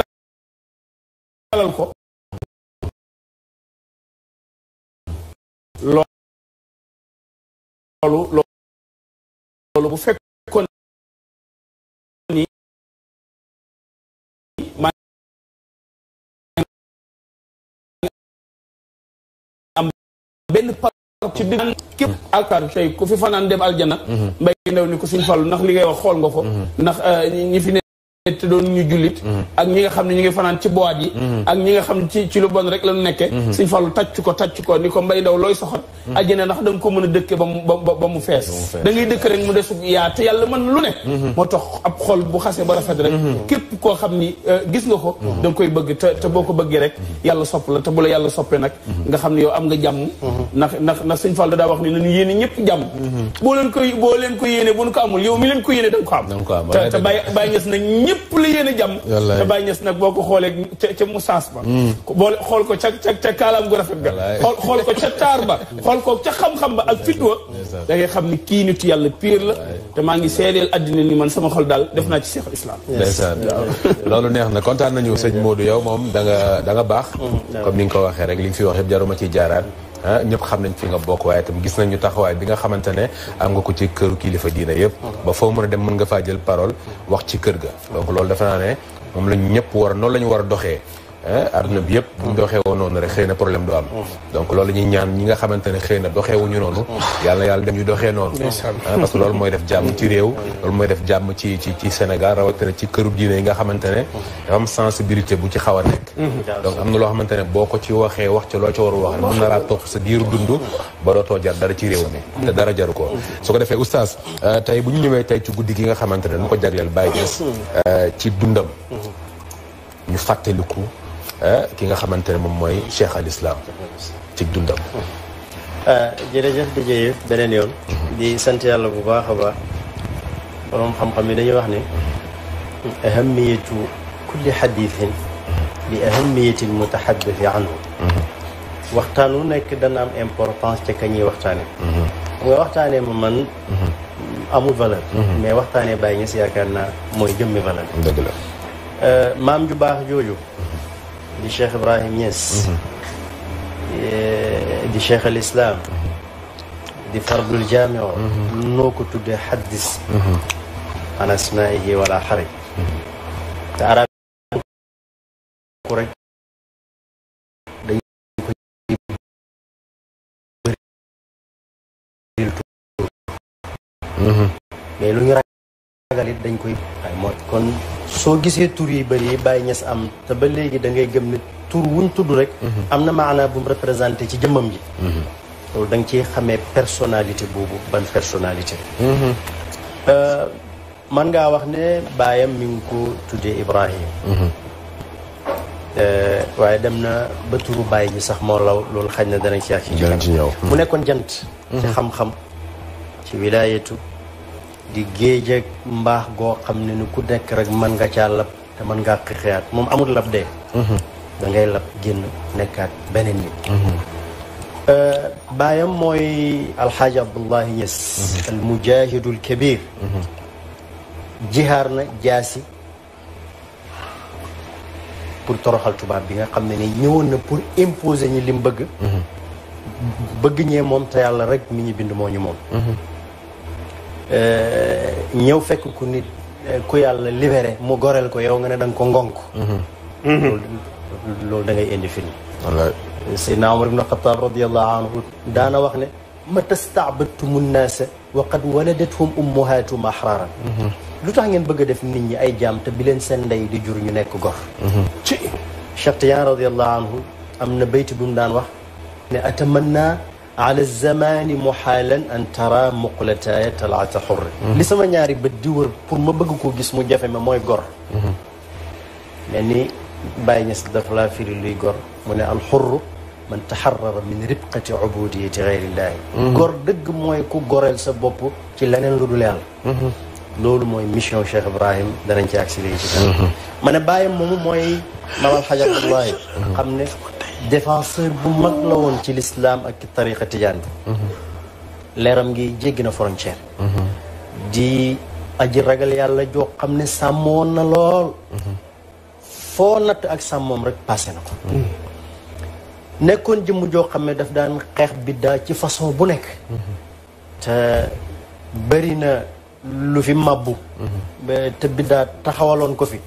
dalal ko loolu loolu bu fekk ci digg képp alkaar tey ku fi fanaan dem aljana mhm. mbay ndaw ni ko suñ fàllu ndax li ngay wax xool nga ko mhm. ndax euh, ñi fi ne te doon ñu jullit ak ñi nga xam ne ñu ngi fanaan ci boîte yi ak ñi nga xam ne ci lu bon rek lañu nekke suñ fàllu tàcc ko tàcc ko ni ko mbay ndaw looy soxot ajjana ndax da nga ko mën a dëkke ba mu ba mu dëkk mhm. ba rafet rek mhm. képp koo xam ni euh, gis nga ko mhm. da nga koy bëgg boo ko bëggee rek yàlla sopp la te bu la yàlla soppee nag nga xam ne yow am nga jàmm ndax ndax ndax suñ fàllu daa wax ni nañu yéene ñëpp jàmm boo leen ko yéene bu ñu ko amul yow mi leen ko yéene da nga ko am ñëpp la yéen a jàmm te Baye Niass nag boo ko xoolee ca ca musaas ba mm. boole xool ko ca ca ca kaalaam gu rafet ga xool xool ko ca taar ba xool ko ca xam-xam ba ak fit wa da xam ni kii nitu yàlla piir la te maa ngi seedeel addina ni man sama xol daal def naa ci Cheikhul a ndeysaan loolu neex na kontaan nañu sëñ Modou yow moom da nga da nga baax mm. comme ni ko waxee rek li nga fi wax yëpp jaruma ci jaaraat Ah, ñëpp xam nañ fi nga bokk waaye itam gis nañu taxawaay bi nga xamante ne am nga ko ci këru kilifa diina yëpp ba foo mën a dem mën nga faa jël parole wax ci kër ga donc loolu dafa naa ne moom lañu ñëpp war a noonu la ñu war a doxee àdduna eh, bi yëpp buñ doxee woon noonu rek xëy na problème du am donc loolu ñuy ñaan ñi nga xamante ne xëy na doxeewuñu noonu yàlla yàlla dem ñu doxee noonu ah, parce que loolu mooy def jàmm ci réew loolu mooy def jàmm ci ci ci Sénégal rawatina ci këru diine yi nga xamante ne am sensibilité bu ci xaw a nekk donc am na loo xamante ne boo ko ci waxee wax ci loo ci waru wax mën na laa topp sa diiru dund ba dootoo jar dara ci réew mi te dara jaru ko su ko defee oustaz euh, tey bu ñu ñëwee tey ci guddi gi nga xamante ne dañu ko jagleel Baye Niass euh, ci dundam ñu Eh, ki nga xamante ne moom mooy cheikh al islam ci dundam. Eh, jërëjëf di jëyee beneen yoon. Mhm. di sant yàlla bu baax a baax. borom xam-xam yi dañuy wax ne. ahamiyatu kulli xadiisin li ahamiyati mutaxaddisi anhu mhm. waxtaan wu nekk dana am importance ca ñuy waxtaane mhm. waxtaanee ma man amu valeur mais waxtaanee bàyyi ñes yaakaar naa mooy jëmmi valeur dëgg la eh, mam ju baax jooju di Cheikh Ibrahim Niass di Cheikh al Islam di fardul jaamio noo ko tuddee xaddis an asmaihi wala xari te arab ku rek dañ ko bëril tur mhm. mais lu ñu ragalit dañ koy ay mooy kon soo gisee tur yi bëri bàyyi Baye Niass am te ba léegi da ngay gëm ne tur wuñ tudd rek. Mhm. am na maanaa bum mu représenté ci jëmmam ji. Mhm. loolu da nga ciy xamee personnalité boobu ban personnalité. man mhm. euh, ngaa wax ne baayam mi ngi ko tuddee Ibrahim. Euh, waaye dem na ba turu Baye bi sax moo law loolu xaj na danañ ci yàq. danañ ci ñëw mu nekkoon jant. ci xam-xam ci wilaayatu. di geje ak go goo xam ne ni ku nek rek man nga ca lab te man nga xexat mom amul lab dee da ngay lab genn nekkaat benen nit moy al alxaaji abdullah yes al mujahidul kabir jihar na jasi pour toroxal tuba bi nga xamne ni ñewon na pour imposer ni lim bëgg mhm. bëgg ñe mom ta yalla rek mi ñi bind mo ñu Eh, ñëw fekk ku nit eh, ku yàlla libéré mu goreel ko yow nga ne da nga ko ngonk mhm. loolu loolu da ngay indi film Seydina Omar ibn Xataab radiallahu anhu daana wax ne ma tastaabadtumu nnaasa wa qad waladathum ummuhaatuhum ahraran mhm. lu tax ngeen bëgg a def nit ñi ay jaam bi leen seen ndey di jur ñu nekk gor ci mhm. Cheikh Tiyaan radiallahu anhu am na bayt bu mu wax ne atamanna على الزمان محالا ان ترى مقلتاي طلعت حر لي سما نياري بدور بور ما بغكو غيس مو جافي ما موي غور يعني باي نيس دا فلا فيري لوي غور من الحر من تحرر من ربقة عبودية غير الله غور دغ موي كو غورل سا بوب تي لنين لودو loolu mooy mission Cheikh Ibrahim danañ ci agsi léegi ci kanam mhm. ma ne bàyyam moomu mooy maam alxaj Abdoulaye bu mag la woon ci lislaam ak tariqa tijaan mhm. leeram ngi jéggi na frontière mhm. di aji ragal yàlla joo xam ne sàmmoon na lool foo natt ak sàmmoom rek passé na ko nekkoon jëmm joo xam ne daf daan xeex biddaa ci façon bu nekk te bëri lu fi mabbu be te biddaa taxawaloon ko fi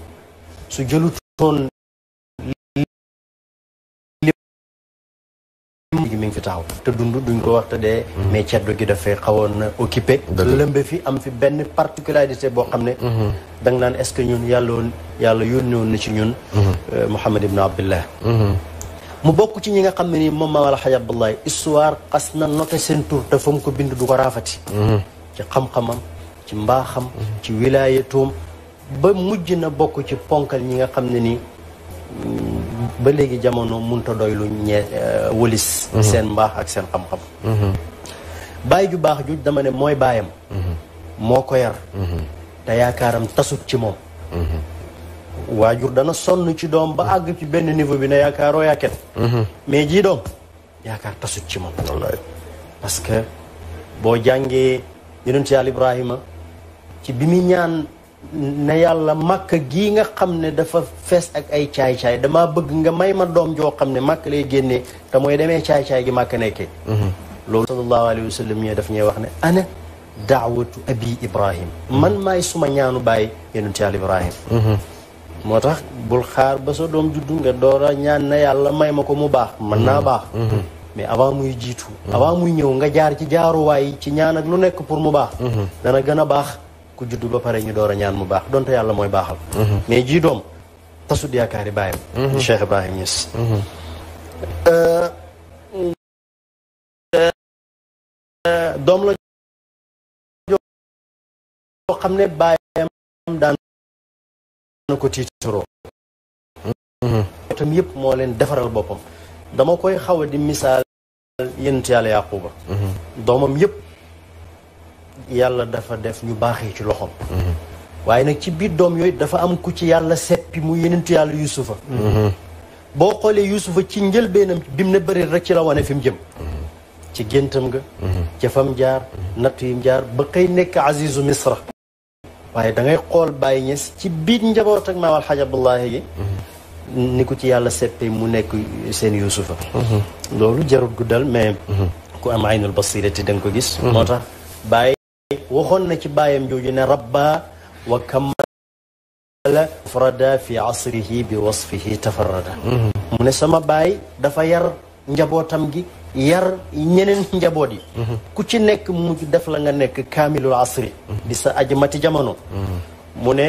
su jëlutoon li gi mi ngi fi taxaw te dund duñ ko wax te dee mm-hmm. mais ceddo gi dafay xawoon occupé lëmbe fi am fi benn particularité boo xam ne mm-hmm. da est-ce que ñun yàlla yàlla yónni woon ci ñun mm-hmm. euh, Mouhamed ibn Abdullah mu bokk ci ñi nga xam ne nii moom maam alxaj abdullahi histoire xas na noté seen tur te fa ko bind du ko raafati ci xam-xamam ci mbaaxam ci wilaayatoom ba mujj na bokk ci ponkal ñi nga xam ne nii ba léegi jamono munta doy lu ñee euh, wëlis mhm. seen mbaax ak seen xam-xam mhm. baay ju baax ju dama ne mooy baayam mhm. moo ko yar te yaakaaram tasut ci moom waajur dana sonn ci doom ba àgg ci benn niveau bi na yaakaaroo yàkket mais jii doom yaakaar tasut ci moom parce que boo jàngee yonent yàlla Ibrahima ci bi mu ñaan ne yàlla makk gii nga xam ne dafa fees ak ay caay-caay damaa bëgg nga may ma doom joo xam ne màkk lay génne te mooy demee caay-caay gi màkk nekkee mhm. loolu sallallahu alayhi wa sallam daf ñuy wax ne ana daawatu abi ibrahim mhm. man maay suma ñaanu baay yonent yàlla ibrahim mhm. moo tax bul xaar ba sa doom juddu nga door a ñaan na yàlla may ma ko mu baax mën naa baax mais avant muy jiitu avant muy ñëw nga jaar ci jaaruwaay ci ñaan ak lu nekk pour mu baax dana baax ku juddu ba pare ñu door a ñaan mu baax donte yàlla mooy baaxal mhm. mais jii doom tasut yaakaari bàyyam mhm. di Cheikh Ibrahim Niass mhm. euh, doom la joo xam ne bàyyam daan na ko tiitaroo tam yëpp moo leen defaral boppam dama koy xaw di misaal yent yàlla yàquba doomam yëpp yàlla dafa def ñu baaxee ci loxoom. Mhm. waaye nag ci biir doom yooyu dafa am ku ci yàlla seppi mu yenentu yàlla yusufa mhm. boo xoolee yusufa ci njël njëlbeenam bi mu ne bëri rek ci la wane fi mu jëm mhm. ci géntam ga ca fam jaar nattu yu jaar ba xëy nekk azizu misra waaye da xool Baye Niass ci biir njaboot ak maam alxaj abdullahi gi ni ko ci yàlla seppe mu nekk seen yusufa loolu jarut guddal mais ku am aynul basirati da nga ko gis moo tax Baye waxoon na ci baayam jooju ne rabba wa kammala mufrada fi asrihi bi wasfihi tafarrada mm-hmm. mu ne sama baay dafa yar njabootam gi yar ñeneen njaboot yi mm-hmm. ku ci nekk mu def la nga nekk kaamilul asri mm-hmm. di sa ajmati jamono mu ne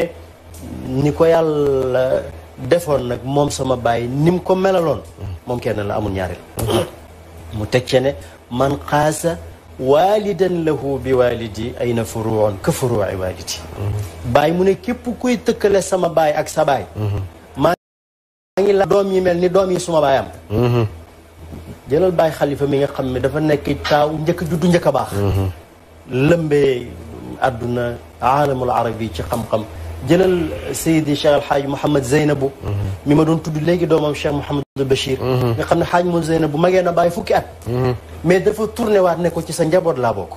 ni ko yàlla defoon nag moom sama baay ni ko melaloon moom kenn la amul ñaareel mu teg ne man xaasa والدا له بوالدي اين فروع كفروع والدي باي موني كيب كوي تكل سما باي اك باي ما ماغي لا دوم يي ملني دوم يي سما بايام جلال باي خليفه ميغا خامي دا فا نيك تاو نيك جودو نيك باخ لمبي ادنا عالم العربي تي خم خم jëlal Seydi Cheikh El Hadj Mouhamed Zeynabou mi ma doon tudd léegi doomam Cheikh Mouhamadou Bachir nga xam ne Hadj Mouhamed Zeynabou magee na bàyyi fukki at mais dafa tourné waat ne ko ci sa njaboot laa bokk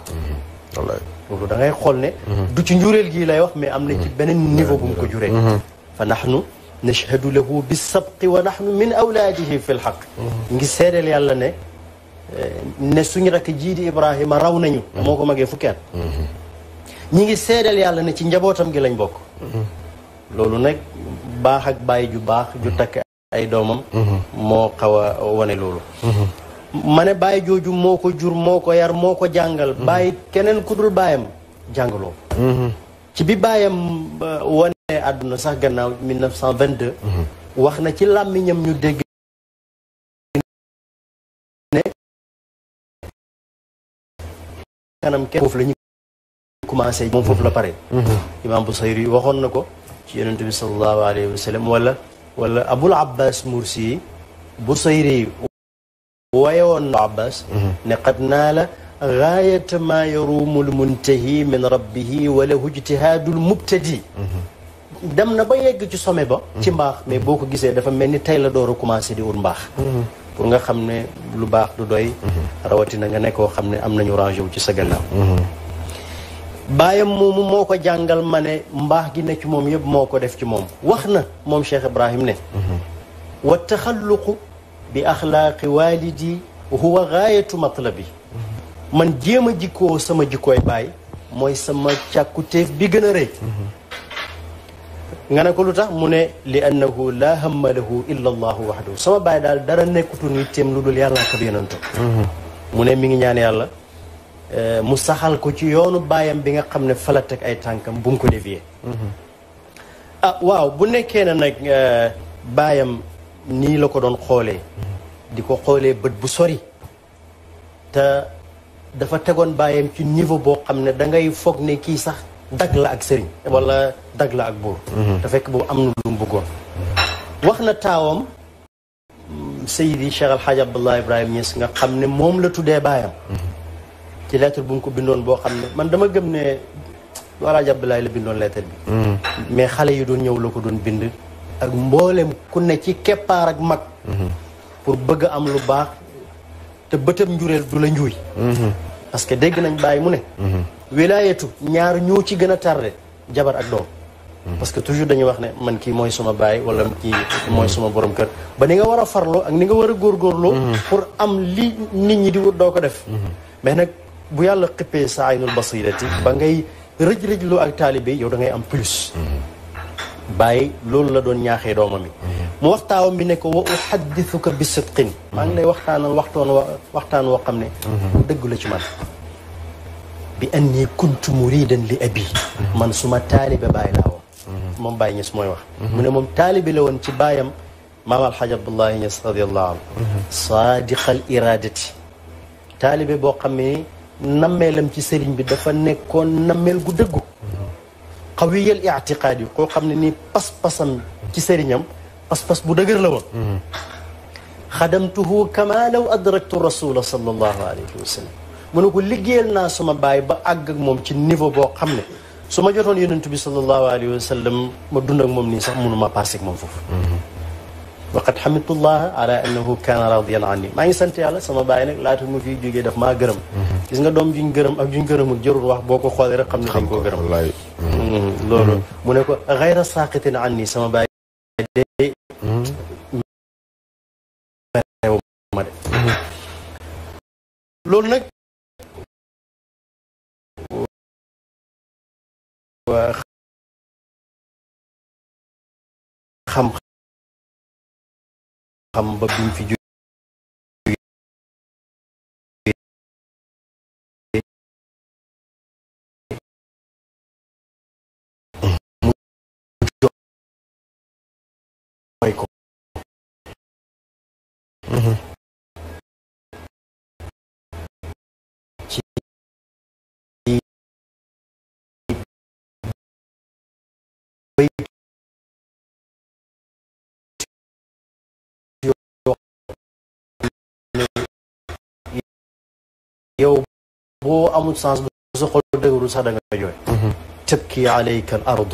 wallaay loolu da ngay xool ne du ci njureel gii lay wax mais am na ci beneen niveau bu mu ko juree fa nahnu nashhadu lahu bisabqi wa nahnu min awlaadihi fi lxaq ngi seedeel yàlla ne ne suñu rakk jii di Ibrahima raw nañu moo ko magee fukki at ñi ngi seedeel yàlla ne ci njabootam gi lañ bokk loolu nag baax ak bàyyi ju baax ju takk ay doomam moo xaw a loolu mane ne bàyyi jooju moo ko jur moo ko yar moo ko jàngal bàyyi keneen ku dul bàyyam jàngaloo ci bi bàyyam wane àdduna sax gannaaw 1922 wax na ci làmmiñam ñu dégg ne commencé moom foofu la pare imam Busayri waxoon na ko ci yonent bi sallallahu alayhi wa sallam wala wala abul abbas mursi Busayri wayon na abbas ne qad naala gaayata maa yaruumul muntahi min rabbihi wala hujtihaadul mubtadi dem na ba yegg ci sommet ba ci mbaax mais boo ko gisee dafa mel ni la door a commencé di wut mbaax pour nga xam lu baax du doy rawatina nga nekkoo xam ne am rangé wu ci sa gannaaw baayam moomu moo ko jàngal ma ne mbaax gi ne ci moom yëpp moo ko def ci moom wax na moom Cheikh Ibrahim ne mhm. wa taxalluqu bi axlaaqi waalidi huwa gaayatu matlabi mhm. man jéem a jikkoo sama jikkooy baay mooy sama càkkutéef bi gën a rëy mhm. nga ne ko lu tax mu ne li annahu laa hamma lahu illa allahu wahdahu sama baay daal dara nekkutu ni lu dul yàlla ak mu ne mi ngi ñaan yàlla Euh, mu saxal ko ci yoonu baayam bi nga xam ne fa teg ay tànkam bu mu ko dévier mhm. ah waaw bu nekkee ne nag euh, baayam nii la ko doon xoolee di ko xoolee bët bu sori te dafa tegoon baayam ci niveau boo xam ne dangay foog ne kii sax dag la ak sëriñ wala dag la ak buur mhm. te fekk boobu am na lu mu bëggoon wax na taawam Seydi Cheikh Alhaaj Abdallah ibrahim Niass nga xam ne moom la tuddee baayam mhm. ci lettre bu mu ko bindoon boo xam ne man dama gëm ne du Alaaji Abdoulaye la bindoon lettre bi. Hmm. mais xale yi doon ñëw la ko doon bind. ak mbooleem ku ne ci keppaar ak mag. Hmm. pour bëgg am lu baax te bëtam njureel du la njuuy. Hmm. parce que dégg nañ bàyyi mu ne. wilayetu ñaar ñoo ci gën a tardé jabar ak doom. parce que toujours dañuy wax ne man kii mooy suma baay wala kii mooy suma boroom kër ba ni nga war a farloo ak ni nga war a góor góorloo pour am li nit ñi di wut doo def. bu yàlla xippee sa aynul basirati ba ngay rëj-rëjloo ak taalibe yow da ngay am plus bàyyi loolu la doon ñaaxee doomam mi mu waxtaawam bi ne ko wa uhaddithuka bi sidqin maa ngi lay waxtaanal waxtoon wa waxtaan woo xam ne dëgg la ci man bi anni kuntu muridan li abi man suma taalibe bàyyi laa woon moom bàyyi ñes mooy wax mu ne moom taalibe la woon ci baayam maam alxaaj abdullahi ñes radiallahu anhu saadiqal iradati taalibe boo xam ne nammeelam ci sëriñ bi dafa nekkoon nammeel gu dëggu xawiyal itiqaad yi koo xam ne nii pas-pasam ci sëriñam pas-pas bu dëgër la woon xadamtuhu kama law adraktu rasula sallallahu alayhi wa sallam mu liggéeyal naa sama baay ba àgg ak moom ci niveau boo xam ne su ma jotoon yonent bi sallallahu alayhi wa ma dund moom nii sax mënuma paase ak moom foofu وقد xamidullah الله على انه كان راضيا عني ما sant يالا سما bàyyi nag laata mu fiy jógee daf maa gërëm gis nga dom juñ gërëm ak juñ gërëmul jërul wax boko xolé rek xam ne dañ koo gërëm loolu mu ne ko ghayra saqitin anni sama bàyyi de lolu nak de xam ba bi mu fi يو تبكي عليك الأرض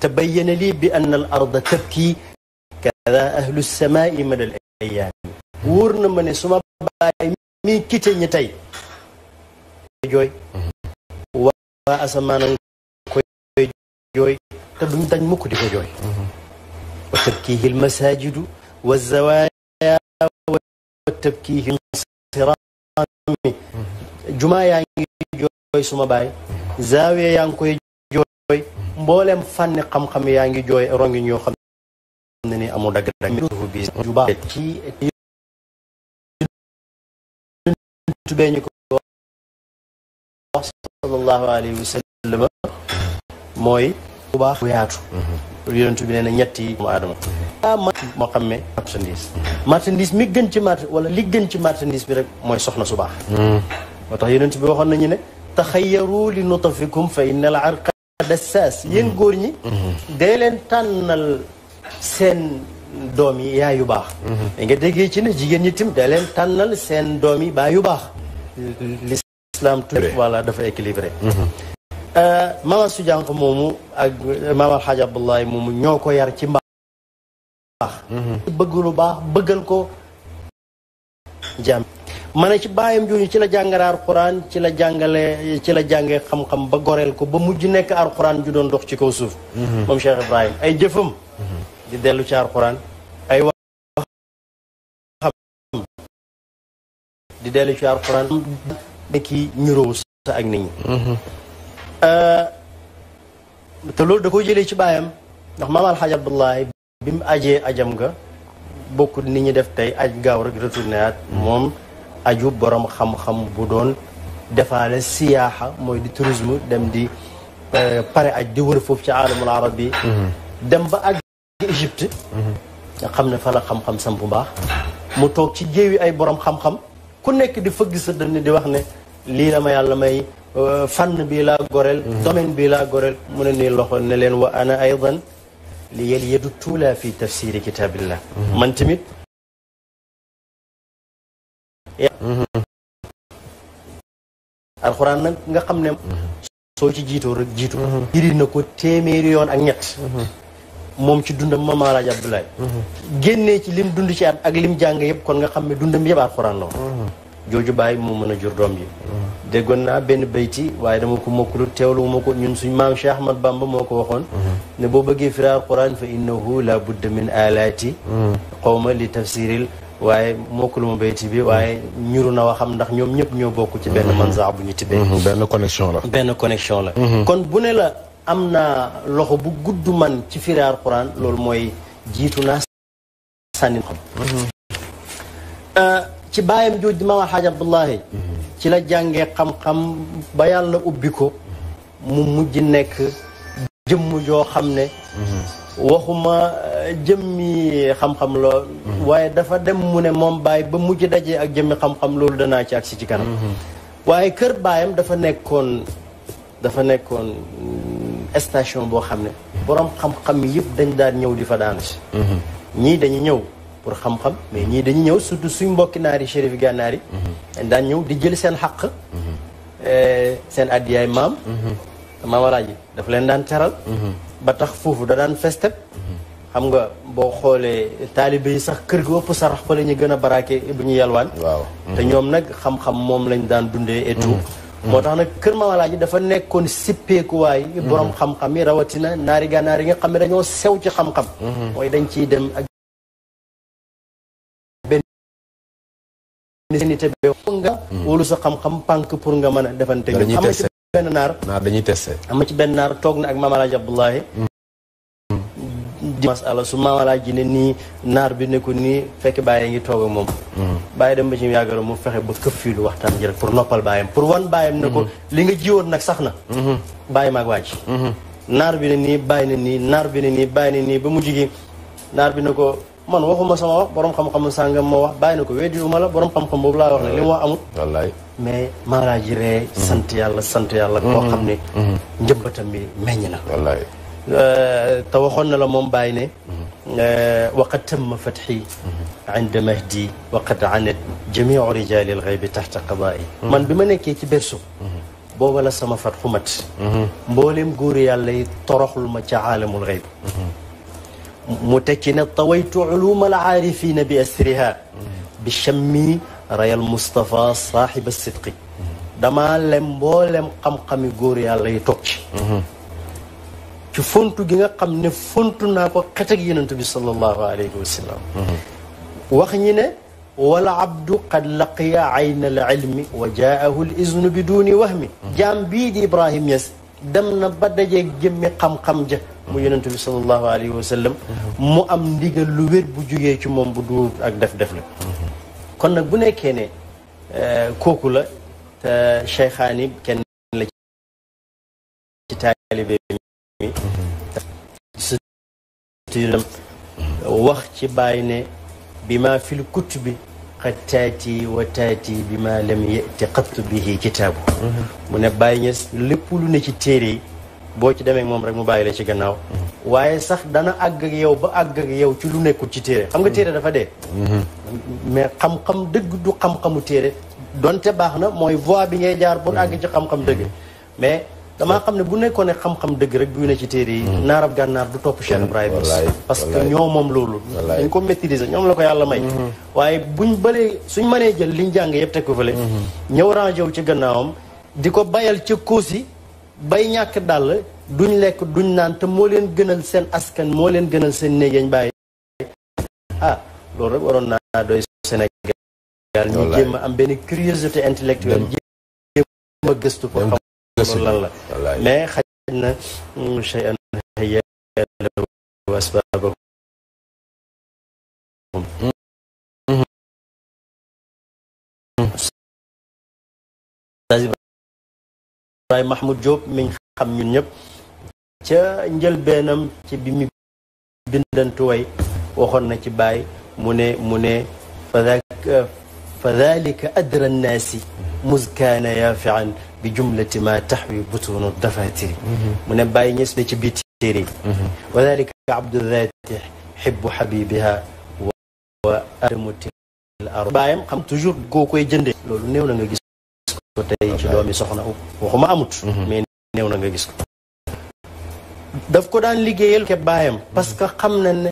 تبين لي بأن الأرض تبكي كذا أهل السماء من الأيام ورن من سما باي مي كتن يتاي جوي وأسمان كوي جوي تبمتن مكو جوي وتبكيه المساجد والزواج tëbkii siraami jumaa yaa ngi jooy suma baay zaawiya yaa ngi koy jooy mboolem fànni xam-xam yaa ngi jooy rongiñ yoo xam ni amul dagg dagg bi ju baax mooy bu yaatu yonent bi nee na ñett yi mu aadama moo xam ne marchandise marchandise mi gën ci marché wala li gën ci marchandise bi rek mooy soxna su baax hmm. moo tax yonent bi waxoon nañu ne taxayaru li nutafikum fa inna al arqa dassaas yéen hmm. góor ñi hmm. dee leen tànnal seen doom yi yaay yu baax da nga déggee ci ne jigéen ñi tim dee leen tànnal seen doom yi baa yu baax l'islam tout voilà dafa équilibré Euh, mama su jànq moomu ak maam alxaaj abdullahi moomu ñoo ko yar ci mbaax mhm. bëgg lu baax bëggal ko jàmm ne ci baayam jooju ci la jàngale alxuraan ci la jàngale ci la jàngee xam-xam ba goreel ko ba mujj nekk alxuraan ju doon dox ci kaw suuf mhm. moom Cheikh Ibrahim ay jëfam mhm. di dellu ci alxuraan ay wax di dellu ci alxuraan kii ñuróowu sa ak nit ñi Eh, te loolu da ko jëlee ci bayam ndax maam al hajab bi bim aje ajam ga bokku nit ñi def tay aj gaaw rek retourneat mom aju borom xam-xam bu doon defale siyaha moy di tourisme dem di eh, pare aj di wër fofu ci aalamul arab bi mhm. dem ba ak Égypte mhm. nga xam fa la xam-xam sam bu baax mu tok ci géewi ay borom xam-xam ku nekk di fëgg sa dañ di wax ne li la ma yalla may Euh, fànn bi laa goreel domaine bi laa goreel mu ne nii loxo ne leen wa ana aydan li yel yadu tuula fi tafsiri kitaabillah man tamit alxuraan nag nga xam ne soo ci jiitoo rek jiitu iri na ko téeméeri yoon ak ñett moom ci dundam ma Maalaaj Abdoulaye mhm. génnee ci lim dund ci at ak lim jàng yépp kon nga xam ne dundam yëpp alxuraan la jooju bàyyi moo mën a jur doom yi déggoon naa benn bayti waaye dama ko mokkulut teewluwuma ko ñun suñ maam Cheikh Ahmad Bamba moo ko waxoon ne boo bëggee firaar quran fa innahu la budda min alaati xawma li tafsiril waaye mokkuluma bayti bi waaye ñuru na waxam ndax ñoom ñëpp ñoo bokk ci benn manza bu ñu tibbee mhm, benn connexion la benn connexion la mhm. kon bu ne la am na loxo bu gudd man ci firaar quran loolu mooy jiitu naa ci baayam jooj di maam alxaaj abdullahi ci la jàngee xam-xam ba yàlla ubbi ko mu mujj nekk jëmm joo xam ne waxuma euh, jëmmi xam-xam dafa dem mu ne moom baay ba mujj dajee ak jëmmi xam-xam loolu danaa ci si ci kanam waaye kër baayam dafa nekkoon dafa nekkoon euh, station boo xam ne boroom xam-xam yëpp dañ daan ñëw di fa daanu si ñii dañu ñëw pour xam-xam mais ñii dañu ñëw surtout suñ mbokki naari chérif gànnaar yi mm-hmm. daan ñëw di jël seen xàq mm-hmm. eh, seen addiyaay maam mm-hmm. maamalaa ji daf leen daan teral ba tax foofu da daan festep xam nga boo xoolee taalibe yi sax kër gi ëpp sarax fa la ñu gën a baraake bu ñu yalwaan waaw te ñoom nag xam-xam moom lañ daan dundee et moo tax nag kër maamalaa dafa nekkoon sippeekuwaay borom xam-xam yi rawatina naari gànnaar yi nga xam ne dañoo sew ci xam-xam mooy dañ ciy dem ni seen i tebe nga wóolu sa xam-xam pànk pour nga mën a defante ñoom am na ci benn naar naar dañuy testé am na ci benn naar toog na ak Maam Alaaji Abdoulaye di masala su Maam Alaaji ne nii naar bi ne ko nii fekk bàyyi ngi toog ak moom bàyyi dem hmm. ba ci yàggara mu fexe ba këf fii lu waxtaan ji rek pour noppal bàyyam pour wan bàyyam ne ko hmm. li nga jiwoon nag sax na hmm. bàyyi maag waaj bi ne nii bàyyi ne nii naar bi ne nii bàyyi ne nii ba mu jigi naar bi ne ko man waxuma sama wax borom xam-xam sàngam ma wax bayina ko wedi ma la borom xam-xam bobu la wax ne li ma amul. wallahi mais ma la jiré sant yàlla sant yàlla. ko xam ne. njëmbatam bi meññ na. wallaay. te waxoon na la mom bayine euh waqad tamma fatxi. inda mahdi waqad anat jamiu rijali alxaybi taxta qadaa'i. man bi ma nekkee ci berso. booba la sama fatxu mat. mboolem góor yàlla yi toroxlu ma ca aalamul xayb. متكنا طويت علوم العارفين بأسرها بشم راي المصطفى صاحب الصدق دما لم بولم قم قم يقول يا الله يتوك كفنت جنا قم نفنت ناكو قتك ينتو صلى الله عليه وسلم وخنين والعبد قد لقي عين العلم وجاءه الإذن بدون وهم جام بيد إبراهيم يس dem na ba dajee gémmi xam-xam ja mu yonent bi sallallahu alayhi wa sallam mu am ndigal lu wér bu jógee ci moom bu duur ak def def la kon nag bu nekkee ne euh, kooku la te cheikhaani kenn la ci taalibe mi wax ci bàyyi ne fil kutubi qad taati wa taati bi ma lam yati qattu bihi kitaabu mu ne bàyyi ñes lépp lu ne ci téere yi boo ci demee moom rek mu bàyyi la ci gannaaw waaye sax dana àgg ak yow ba àgg ak yow ci lu nekkul ci téere xam nga téere dafa dee mais xam-xam dëgg du xam-xamu téere donte baax na mooy voie bi ngay jaar pour àgg ci xam-xam dëgg mais damaa xam ne bu nekkoon ne xam-xam dëgg rek buy ne ci téere yi hmm. naarab gànnaar du topp Cheikh Ibrahima parce que ñoo moom loolu dañ ko maîtriser ñoom la ko yàlla may hmm. waaye buñ balee suñ mënee jël liñ jàng yëpp teg ko fële hmm. ñëw rangé wu ci gannaawam di ko bayal ca kóosi bay ñàkk dàll duñ lekk duñ naan te moo leen gënal seen askan moo leen gënal seen néeg yañ bàyyi ah loolu rek waroon naa doy Sénégal ñu jéem a am benn curiosité intellectuelle jéem a gëstu pour xamul lan la mais xaj na chey an xëya law asbaabahum Oustaz Ibrahima Mahmoud Diop miñ xam ñun ñëpp ca njëlbeenam ci bi mu bindantuway waxoon na ci baay mu ne mu ne fa dhalika adra nnaasi muzkaana yaafian bi jumlati ma taxwi butunu dafatiri mu ne bàyyi ñës na ci biir téere yi wa dalika abdulzati xibbu xabibiha wa adamutil ard bàyyam xam toujours koo koy jëndee loolu néew na nga gis ko tey ci doomi soxna waxuma amut mais néew na nga gis ko daf ko daan liggéeyal ke baayam parce que xam na ne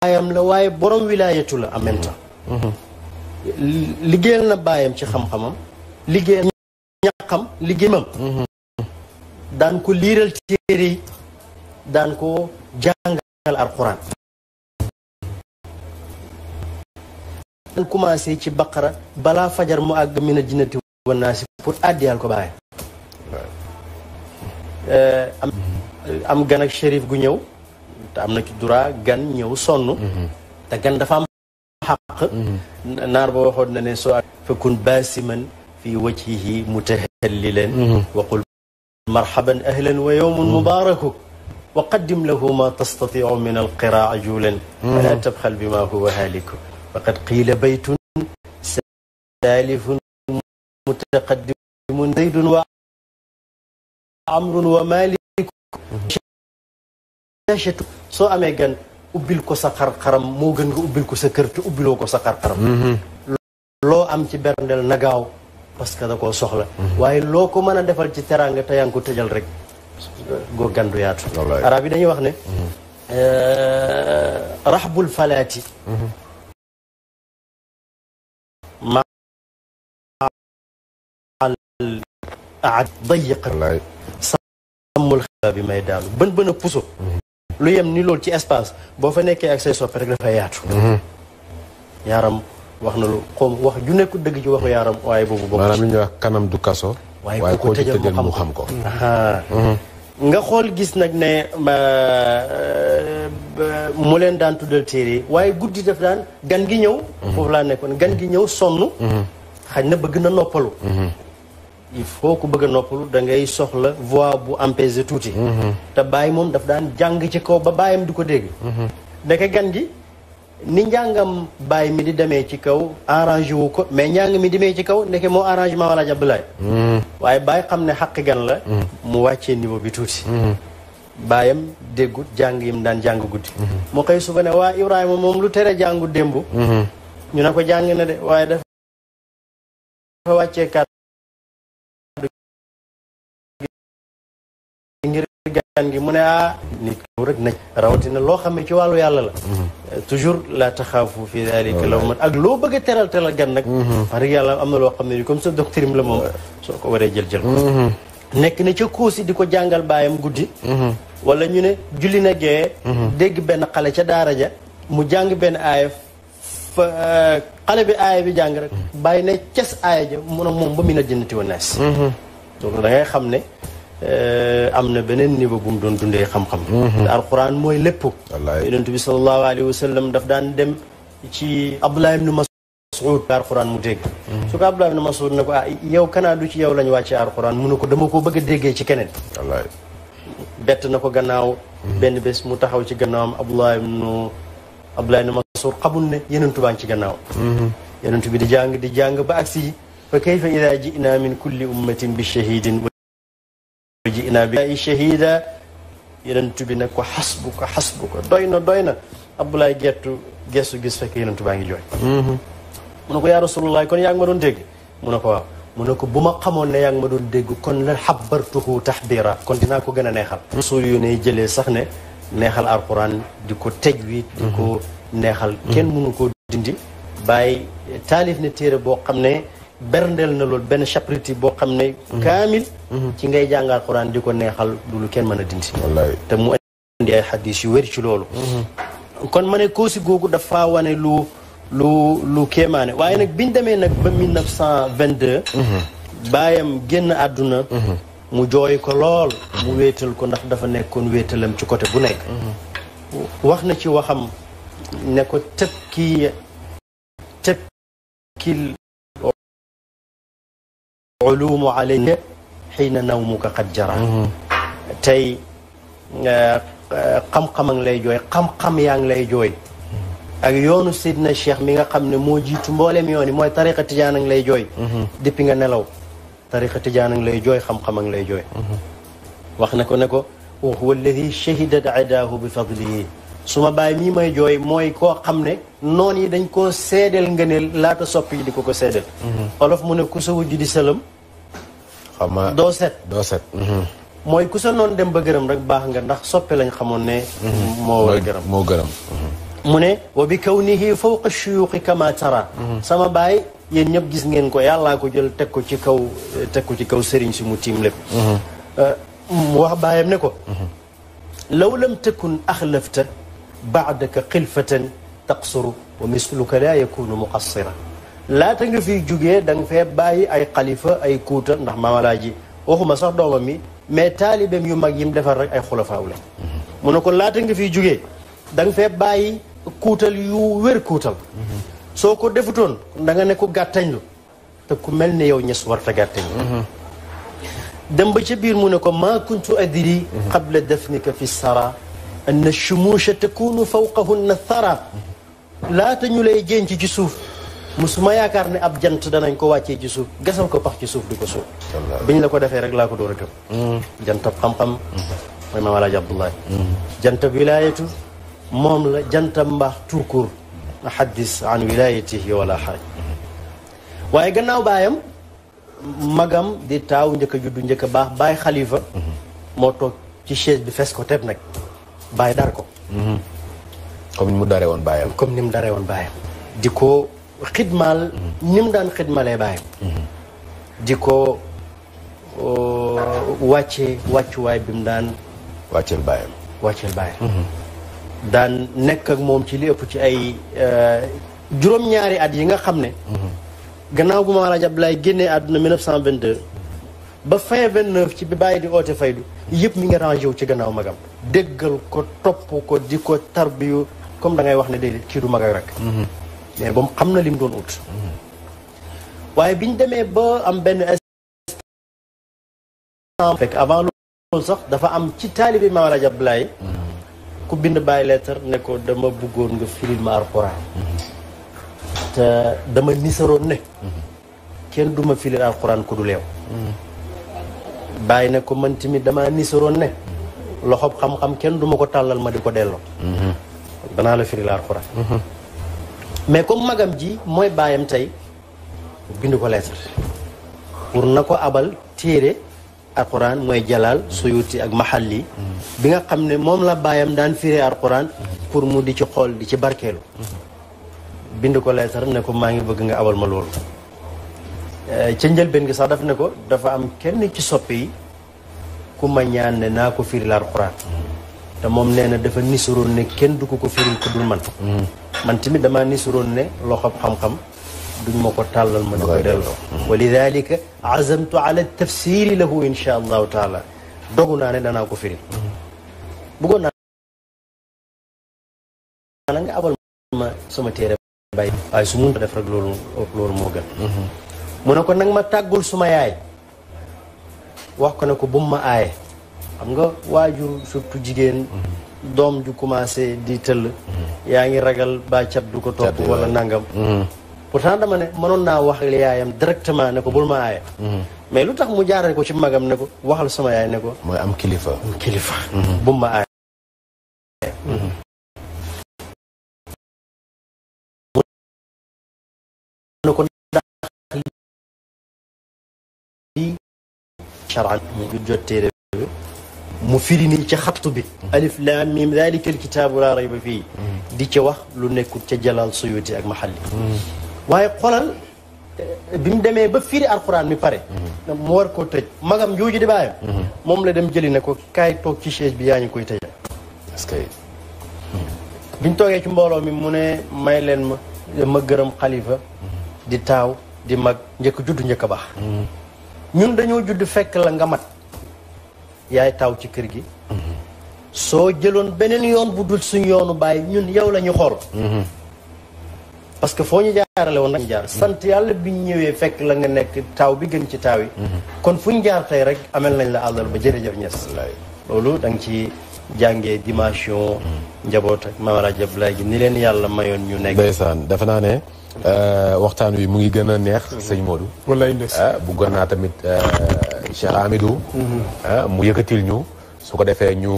baayam la waaye borom wilaayatu la en même na baayam ci xam-xamam liggéeyal ñaqam liggéeyam daan ko liiral téere yi daan ko jàngal alquran daan commencé ci baqara balaa fajar mu àgg mina jinnati wan naa si pour ko bàyyi eh, am gan ak shérif gu ñëw te am na ci dura gan ñëw sonn mm-hmm. te gan dafa am xaq mm-hmm. naar ba waxoon na ne soo ak fekkun baasiman في وجهه متهللا وقل مرحبا أهلا ويوم مبارك وقدم له ما تستطيع من القراء عجولا ولا تبخل بما هو هالك فقد قيل بيت سالف متقدم زيد وعمر ومالك dachet سو اميغان gan ubbil ko sa xar-xaram moo gën nga ubbil ko sa kër parce que da koo soxla. waaye loo ko mën a defal ci teraanga te yaa ngi ko tëjal rek. goo gandu yaatu. arab yi dañuy wax ne. Euh, raxbul falaati. ma al dayiqa sàmmul xel bi may daanu bën bën a puso. lu yem ni loolu ci espace boo fa nekkee ak say soppe rek dafay yaatu. Mm-hmm. yaram. wax na lu xom wax ju nekkul dëgg ci waxu yaaram waaye boobu bokk maanaam li ñuy wax kanam du kaso waaye koo ci tëjal mu xam ko mhm. nga xool gis nag ne mu leen daan tuddal téere yi waaye guddi def daan gan gi ñëw mhm. foofu laa nekkoon gan gi ñëw sonn mhm. xañ na bëgg na noppalu il ko ku bëgg noppalu da ngay soxla voix bu apaisé tuuti te bàyyi moom daf daan jàng ci kaw ba bàyyam du ko dégg ndeke gan gi ni njàngam baay mi di demee ci kaw arrangé ko mais njàng mi demee ci kaw ndeke moo arrangement wala jabalaay hmm. waaye bàyyi xam ne xaqi gan la hmm. mu wàccee niveau bi tuuti hmm. baayam déggut jàng yim daan jàng guddi mu xëy suba ne waa Ibrahima moom lu tere jàngu démb ñu ne ko jàng na de waaye dafa wàccee kàddu gaan gi mu ne ah nit ki loo xam ne ci wàllu yàlla la toujours la taxaafu fi daalika law man ak loo bëgg teral teral gan nag mhm. wax dëgg yàlla am na loo xam ne ni comme sa doctrine la soo ko waree jël jël ko mhm. na ca kuusi di ko jàngal baayam guddi mhm. wala ñu ne julli na gee dégg benn xale ca daara ja mu jàng benn aaya euh, xale bi aaya bi jàng rek bàyyi ne ces aaya ja mun a moom ba mu na jëndati wa nees loolu xam ne Euh, am na beneen niveau bu mu doon dundee xam-xam mhm. te alquran mooy lépp yonent bi sallallahu alayhi wa sallam daf daan dem ci Abdullah ibn Mas'ud alquran mu dégg mhm. su ko Abdullah ibn Mas'ud ne ko ah, yow kanaa du ci yow lañ wàcce alquran mu ne ko dama koo bëgg a déggee ci keneen bett na ko gannaaw mhm. benn bes mu taxaw ci gannaawam Abdullah ibn Abdullah ibn Mas'ud xamul ne yonent baa ngi ci gannaaw yonent bi di jàng di jàng ba agsi fa kayfa idaa ji'naa min kulli ummatin bi shahidin ji'naa bi ay shahida yenentu bi ne ko xasbu ko xasbu ko doy na doy na Abdoulaye gettu gestu gis fekk yenentu baa ngi jooy mhm. mu ne ko yaa rasulullah kon yaa ngi ma doon dégg mu ne ko waaw mu ko bu ma xamoon ne yaa ngi ma doon dégg kon la xabartuhu taxbira kon dinaa ko gën a neexal suul yu ne jëlee sax ne neexal alquran di ko tej wi di ko mhm. neexal kenn mhm. mënu koo dindi bàyyi taalif ne téere boo xam ne berndeel na lool benn chapitre boo xam ne mhm. kaamil mhm. ci ngay jàngal Alxuraan di ko neexal du lu kenn mën a dindi te mu indi ay xadis yu wér ci loolu mhm. kon ma ne koosi googu dafa wane lu lu kemaane waaye nag biñ demee nag ba 1922 baayam génn àdduna mu jooy ko lool mu wéetal ko ndax dafa nekkoon wéetalam ci côté bu nekk wax na ci waxam ne ko tëb kii tëb kii uluumu alayka xiina nawmuka qad jara tey xam-xam a ngi lay jooy xam-xam yaa ngi lay jooy ak yoonu sidna cheikh mi nga xam ne moo jiitu mboolem yoon yi mooy tariqa tijaan a ngi lay jooy depuis nga nelaw tariqa tijaan a ngi lay jooy xam-xam a ngi lay jooy wax na ko ne ko wa huwa alladi shahidat adaahu bi fadlihi suma baay mii may jooy mooy koo xam ne noon yi dañ koo seedeel ngëneel laata soppi di ko ko seedeel mhm. olof mu ne ku sa wujj di sëlam doo set doo set mhm. mooy ku sa noon dem ba gërëm rek baax nga ndax soppe lañ xamoon ne mhm. moo war a moo gërëm ne bi kawnihi fawqa shuyuqi kama sama baay yéen ñëpp gis ngeen ko yàllaa ko jël teg ko ci kaw teg ci kaw sëriñ mu tiim lépp euh, wax ko law بعدك قلفة تقصر ومثلك لا يكون مقصرا لا تنجو في جوجي دان في باي اي خليفة اي كوتا نحما ملاجي وهو صار دومامي ما تالي بم يمجيم دفر اي خلفاء ولا منوكو لا تنجو في جوجي دان في باي كوتا يو وير كوتا سو كو دفتون دان نكو غاتنجو تكو ملني يو نسوار تغاتنجو دم بچه بير منوكو ما كنتو ادري قبل دفنك في السراء anna shumuusha takunu fawqahunna thara laata ñu lay jénc ci suuf musuma yaakaar ne ab jant danañ ko wàccee ci suuf gasal ko pax ci suuf di ko suuf biñ la ko defee rek laa ko door a gëm jantab xam-xam ma maam alaaji abdoulahi jantab wilayatu moom la jantab mbaax tuukur a haddis an wilayatihi waaye gannaaw baayam magam di taaw njëkk a juddu njëkk a baax baay xalifa moo toog ci chaise bi fes ko teb nag bàyyi dar ko. Mhm. comme ni mu daree woon bàyyam. comme ni mu daree woon bàyyam. di ko xidmaal. Mhm. ni mu daan xidmalee bàyyam. Mhm. di ko wàccee wàccuwaay bi mu daan. wàcceel bàyyam. wàcceel bàyyam. daan nekk ak moom ci li ëpp ci ay e, juróom-ñaari at yi nga xam ne. gannaaw bu Maam génne Hadj Abdoulaye génnee àdduna 1922. ba fin 29 ci bi bàyyi di oote faydu yëpp mi nga rangé wu ci gannaaw magam. deggal ko top ko di tarbiyu comme da ngay wax ne déedéet kii du mag rek mhm. mais bam xamna lim doon ut mhm. waye biñ demee ba am ben fekk avant loolu sax dafa am ci taalibi Maam Rajab mhm. ku bind bay letter ne ko dama bëggoon nga firil ma alxuraan te dama nisaroon ne kenn duma firil alcorane ku du lew bàyyi ko man timi dama nisaroon ne loxob xam-xam kenn duma ko talal ma diko ko hmm dana la firi la alquran mhm. mais comme magam ji moy bayam tay bind ko lettre pour nako abal téere alquran moy jalal suyuti ak mahalli mhm. bi nga xamne mom moom la bàyyam daan firee alquran mhm. pour mu di ci xol di ci barkelu bind ko lettre ne ko ngi bëgg nga abal ma ci eh, ca ben gi sax daf ne ko dafa am kenn ci soppi ku ma ñaan naa ko firil alxuraan te moom nee na dafa nisuroon ne kenn du ko ko firil ko dul man man tamit damaa nisuroon ne loxob xam-xam duñ ma ko tàllal ma di ko delloo wa lidalika azamtu ala tafsiri lahu insha allahu taala dogu ko firil bëggoon naa na nga su mun def rek loolu loolu moo gën mm-hmm. mu ne ko nag ma tàggul suma yaay wax ko ne ko bu ma aaye xam nga waajur surtout jigéen mhm. doom ju commencé di tëll mhm. yaa ngi ragal ba cat ko topp wala nangam mhm. pourtant dama ne manoon naa wax yaayam directement ne ko bul ma aaye mais lu tax mu jaarale ko ci magam ne ko waxal sama yaay ne ko mooy am kilifa kilifa bu ma aaye charan ñu jot téere bi mu firi nii ci xattu bi alif laam mim dalika alkitaabu laa ba fii di ca wax lu nekkul ca Jalaal Suyuti ak Maxalli waaye xoolal bi mu demee ba firi alquran mi pare mu war koo tëj magam jooju di bàyyam moom la dem jëli ne ko kaay toog ci chaise bi yaa ñu koy tëjal est-ce que biñ toogee ci mbooloo mi mu ne may leen ma ma gërëm xalifa di taaw di mag njëkk juddu njëkk a baax ñun dañoo judd fekk la nga mat yaay taw ci kër gi soo jëloon beneen yoon bu dul suñ yoonu bàyyi ñun yow la ñu xool mm-hmm. parce que foo ñu jaarale woon nañ jaar sant yàlla biñ ñëwee fekk la nga nekk taaw bi gën ci taaw yi mm-hmm. kon fu ñu jaar tey rek amel nañ la àllal ba jërëjëf ñes loolu da nga ci jàngee dimension mm-hmm. njaboot ak Maam Rajab Laay gi ni leen yàlla mayoon ñu nekk ndeysaan defe naa ne Euh, waxtaan wi mu ngi gën a neex sëñ Modou. wallaay ndees ah, bëggoon naa tamit euh, Cheikh Amidou. Mhm. Ah, mu yëkkatil ñu su ko defee ñu.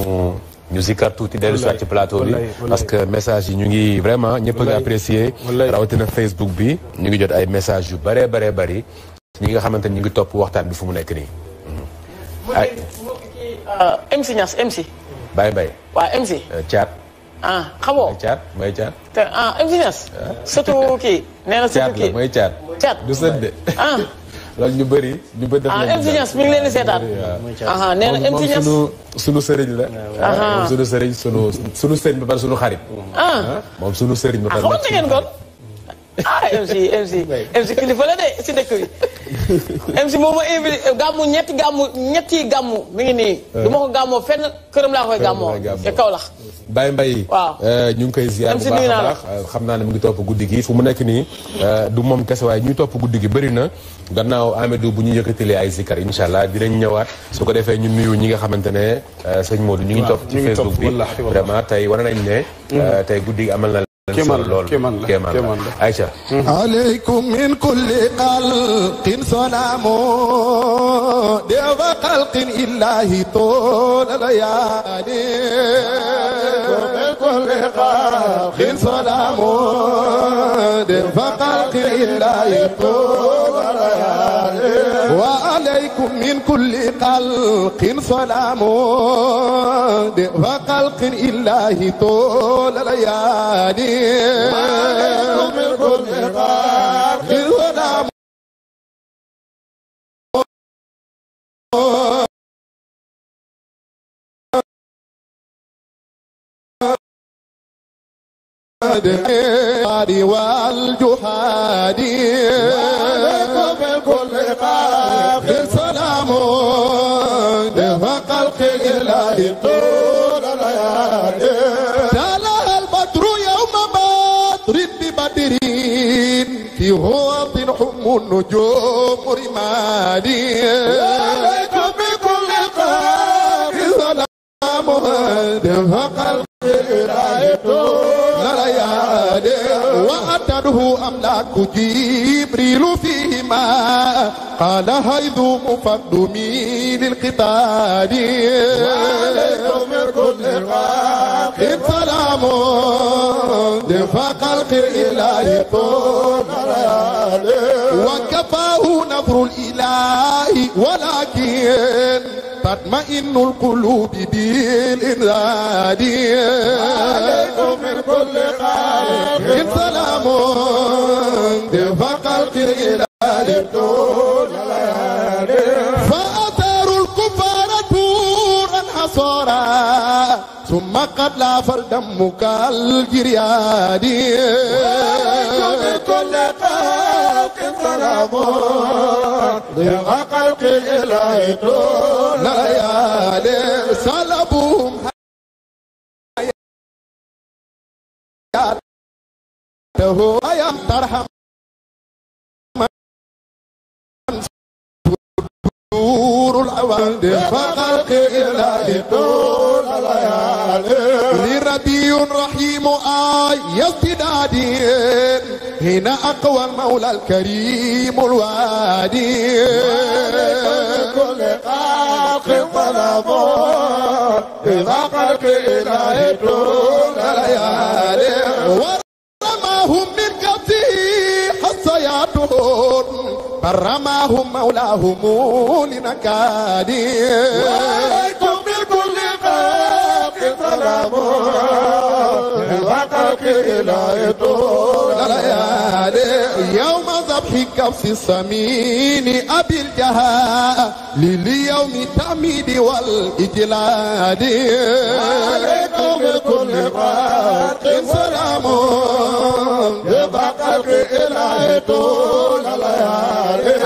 ñu zikkar tuuti dellu si ci plateau bi parce que message yi ñu ngi vraiment ñëpp a ngi apprécié rawatina Facebook bi ñu ngi jot ay message yu bëree bëree bëri ñi nga xamante ni ñu ngi topp waxtaan bi fu mu nekk nii ay MC euh, Niass MC Baye Baye waa MC ah xamoo caat mooy caat. te ah évidence. surtout kii nee na surtout kii mooy caat caat du sët de. ah loolu ñu bëri. ñu bëri def nañu ah évidence mi ngi leen di ah moom sunu sunu sëriñ la. moom sunu sëriñ sunu sunu sëriñ ba pare sunu xarit. ah moom sunu sëriñ ba pare. ah xamante ngeen kon. ah MC MC MC kilifa la de si dëkk bi MC moom ma invité eh, gàmmu ñetti gàmmu ñetti gàmmu mi ngi nii. Eh. du ko gàmmoo fenn këram laa koy gàmmoo. te Kaolack. Baye Mbaye. Eh, ñu ngi koy ziar bu baax a baax xam naa ne mu ngi topp guddi gi fu mu nekk nii. du moom kesewaay ñu ñuy topp guddi gi bëri na gannaaw Amidou bu ñu yëkkatilee ay zikar incha allah dinañ ñëwaat su ko defee ñu nuyu ñi nga xamante ne sëñ Modou ñu ngi topp. ci Facebook bi vraiment tey wane nañ ne. Mm. tey guddi gi amal na kéemaan la min kulli qalqin salaamu deewa qalqin illaahi toola layaani min kulli وعليكم من كل قلق سلام وقلق الله طول الليالي وعليكم من كل قلق سلام والجهاد طول ليالي تلا البدر يوم بدر ببدرين في هوط حم النجوم رمادي وعليكم بكل قاف سلام دفق القراية ليالي وأتده أملاك جيل جبريل فيهما قال هيذوم فاقدمي للقتال وعليكم كل واقف سلام دفاق القرآن وكفاه نظر الإله ولكن تطمئن القلوب بالإنزاد وعليكم من كل خير سلام دفق القرآن فأثار الكفار دورا حصارا ثم قد لا الدم كالجرياد وعليكم من كل خير سلبوا ضيق قلق العيدون ليالي سلبوا هو يم ترحم دور العوالد فقلق العيدون ليالي لربي رحيم آي يزدادين هنا أقوى المولى الكريم الوادي كل خلق طلبوا إذا خلق إلهي طول ليالي ورماهم من قبضه حصياتهم بل رماهم مولاهم لنكادي وعليكم بكل خلق طلبوا وقك إلى طول الليالي يوم ذبح كبس السمين أبي الجهاء لليوم التميد والإجلاد عليكم بكل باق سلام بقك إلى طول الليالي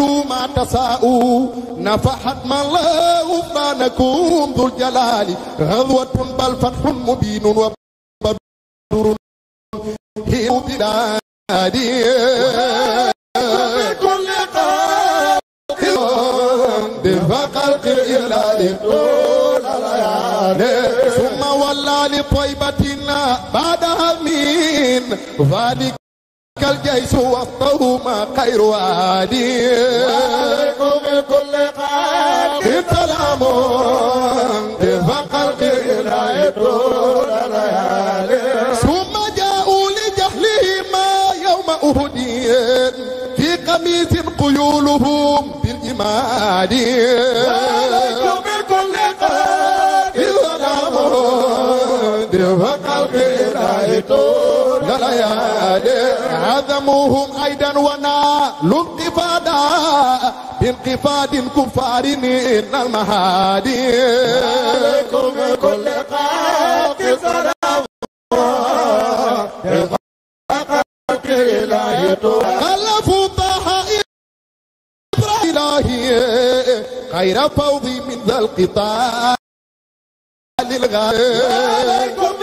افعلوا ما تساءوا نفحت الله فانكم ذو الجلال غضوة بل فتح مبين وبدر هي بلادي كل ثم ولى لطيبتنا بعد همين ذلك كالجيش وسطهما خير وادي وعليكم بكل قلب بالسلام وفق قلبي لا الليالي ثم جاءوا لجهلهما يوم أهدي في قميص قيولهم بالإمادي طول أيضا ونالوا انقفادا بانقفاد الكفار إن المهادي عليكم كل قاتل صلاه خلفوا طه إلهي غير فوضي من ذا القطاع للغاية عليكم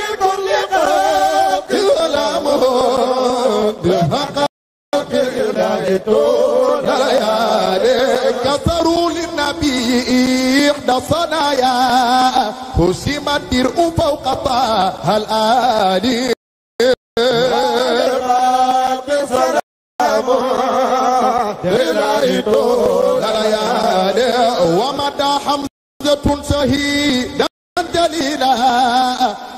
كسروا للنبي إحدى صنايا قسمت درء فوق طه الآلي ومدى حمزة سهيدا دليلا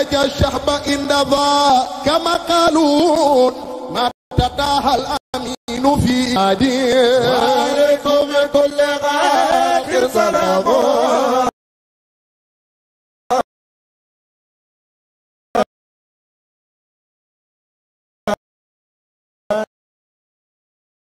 يجى الشحب إن ضاء كما قالوا ما تداها الأمين في عدي وعليكم كل غاكر صلاه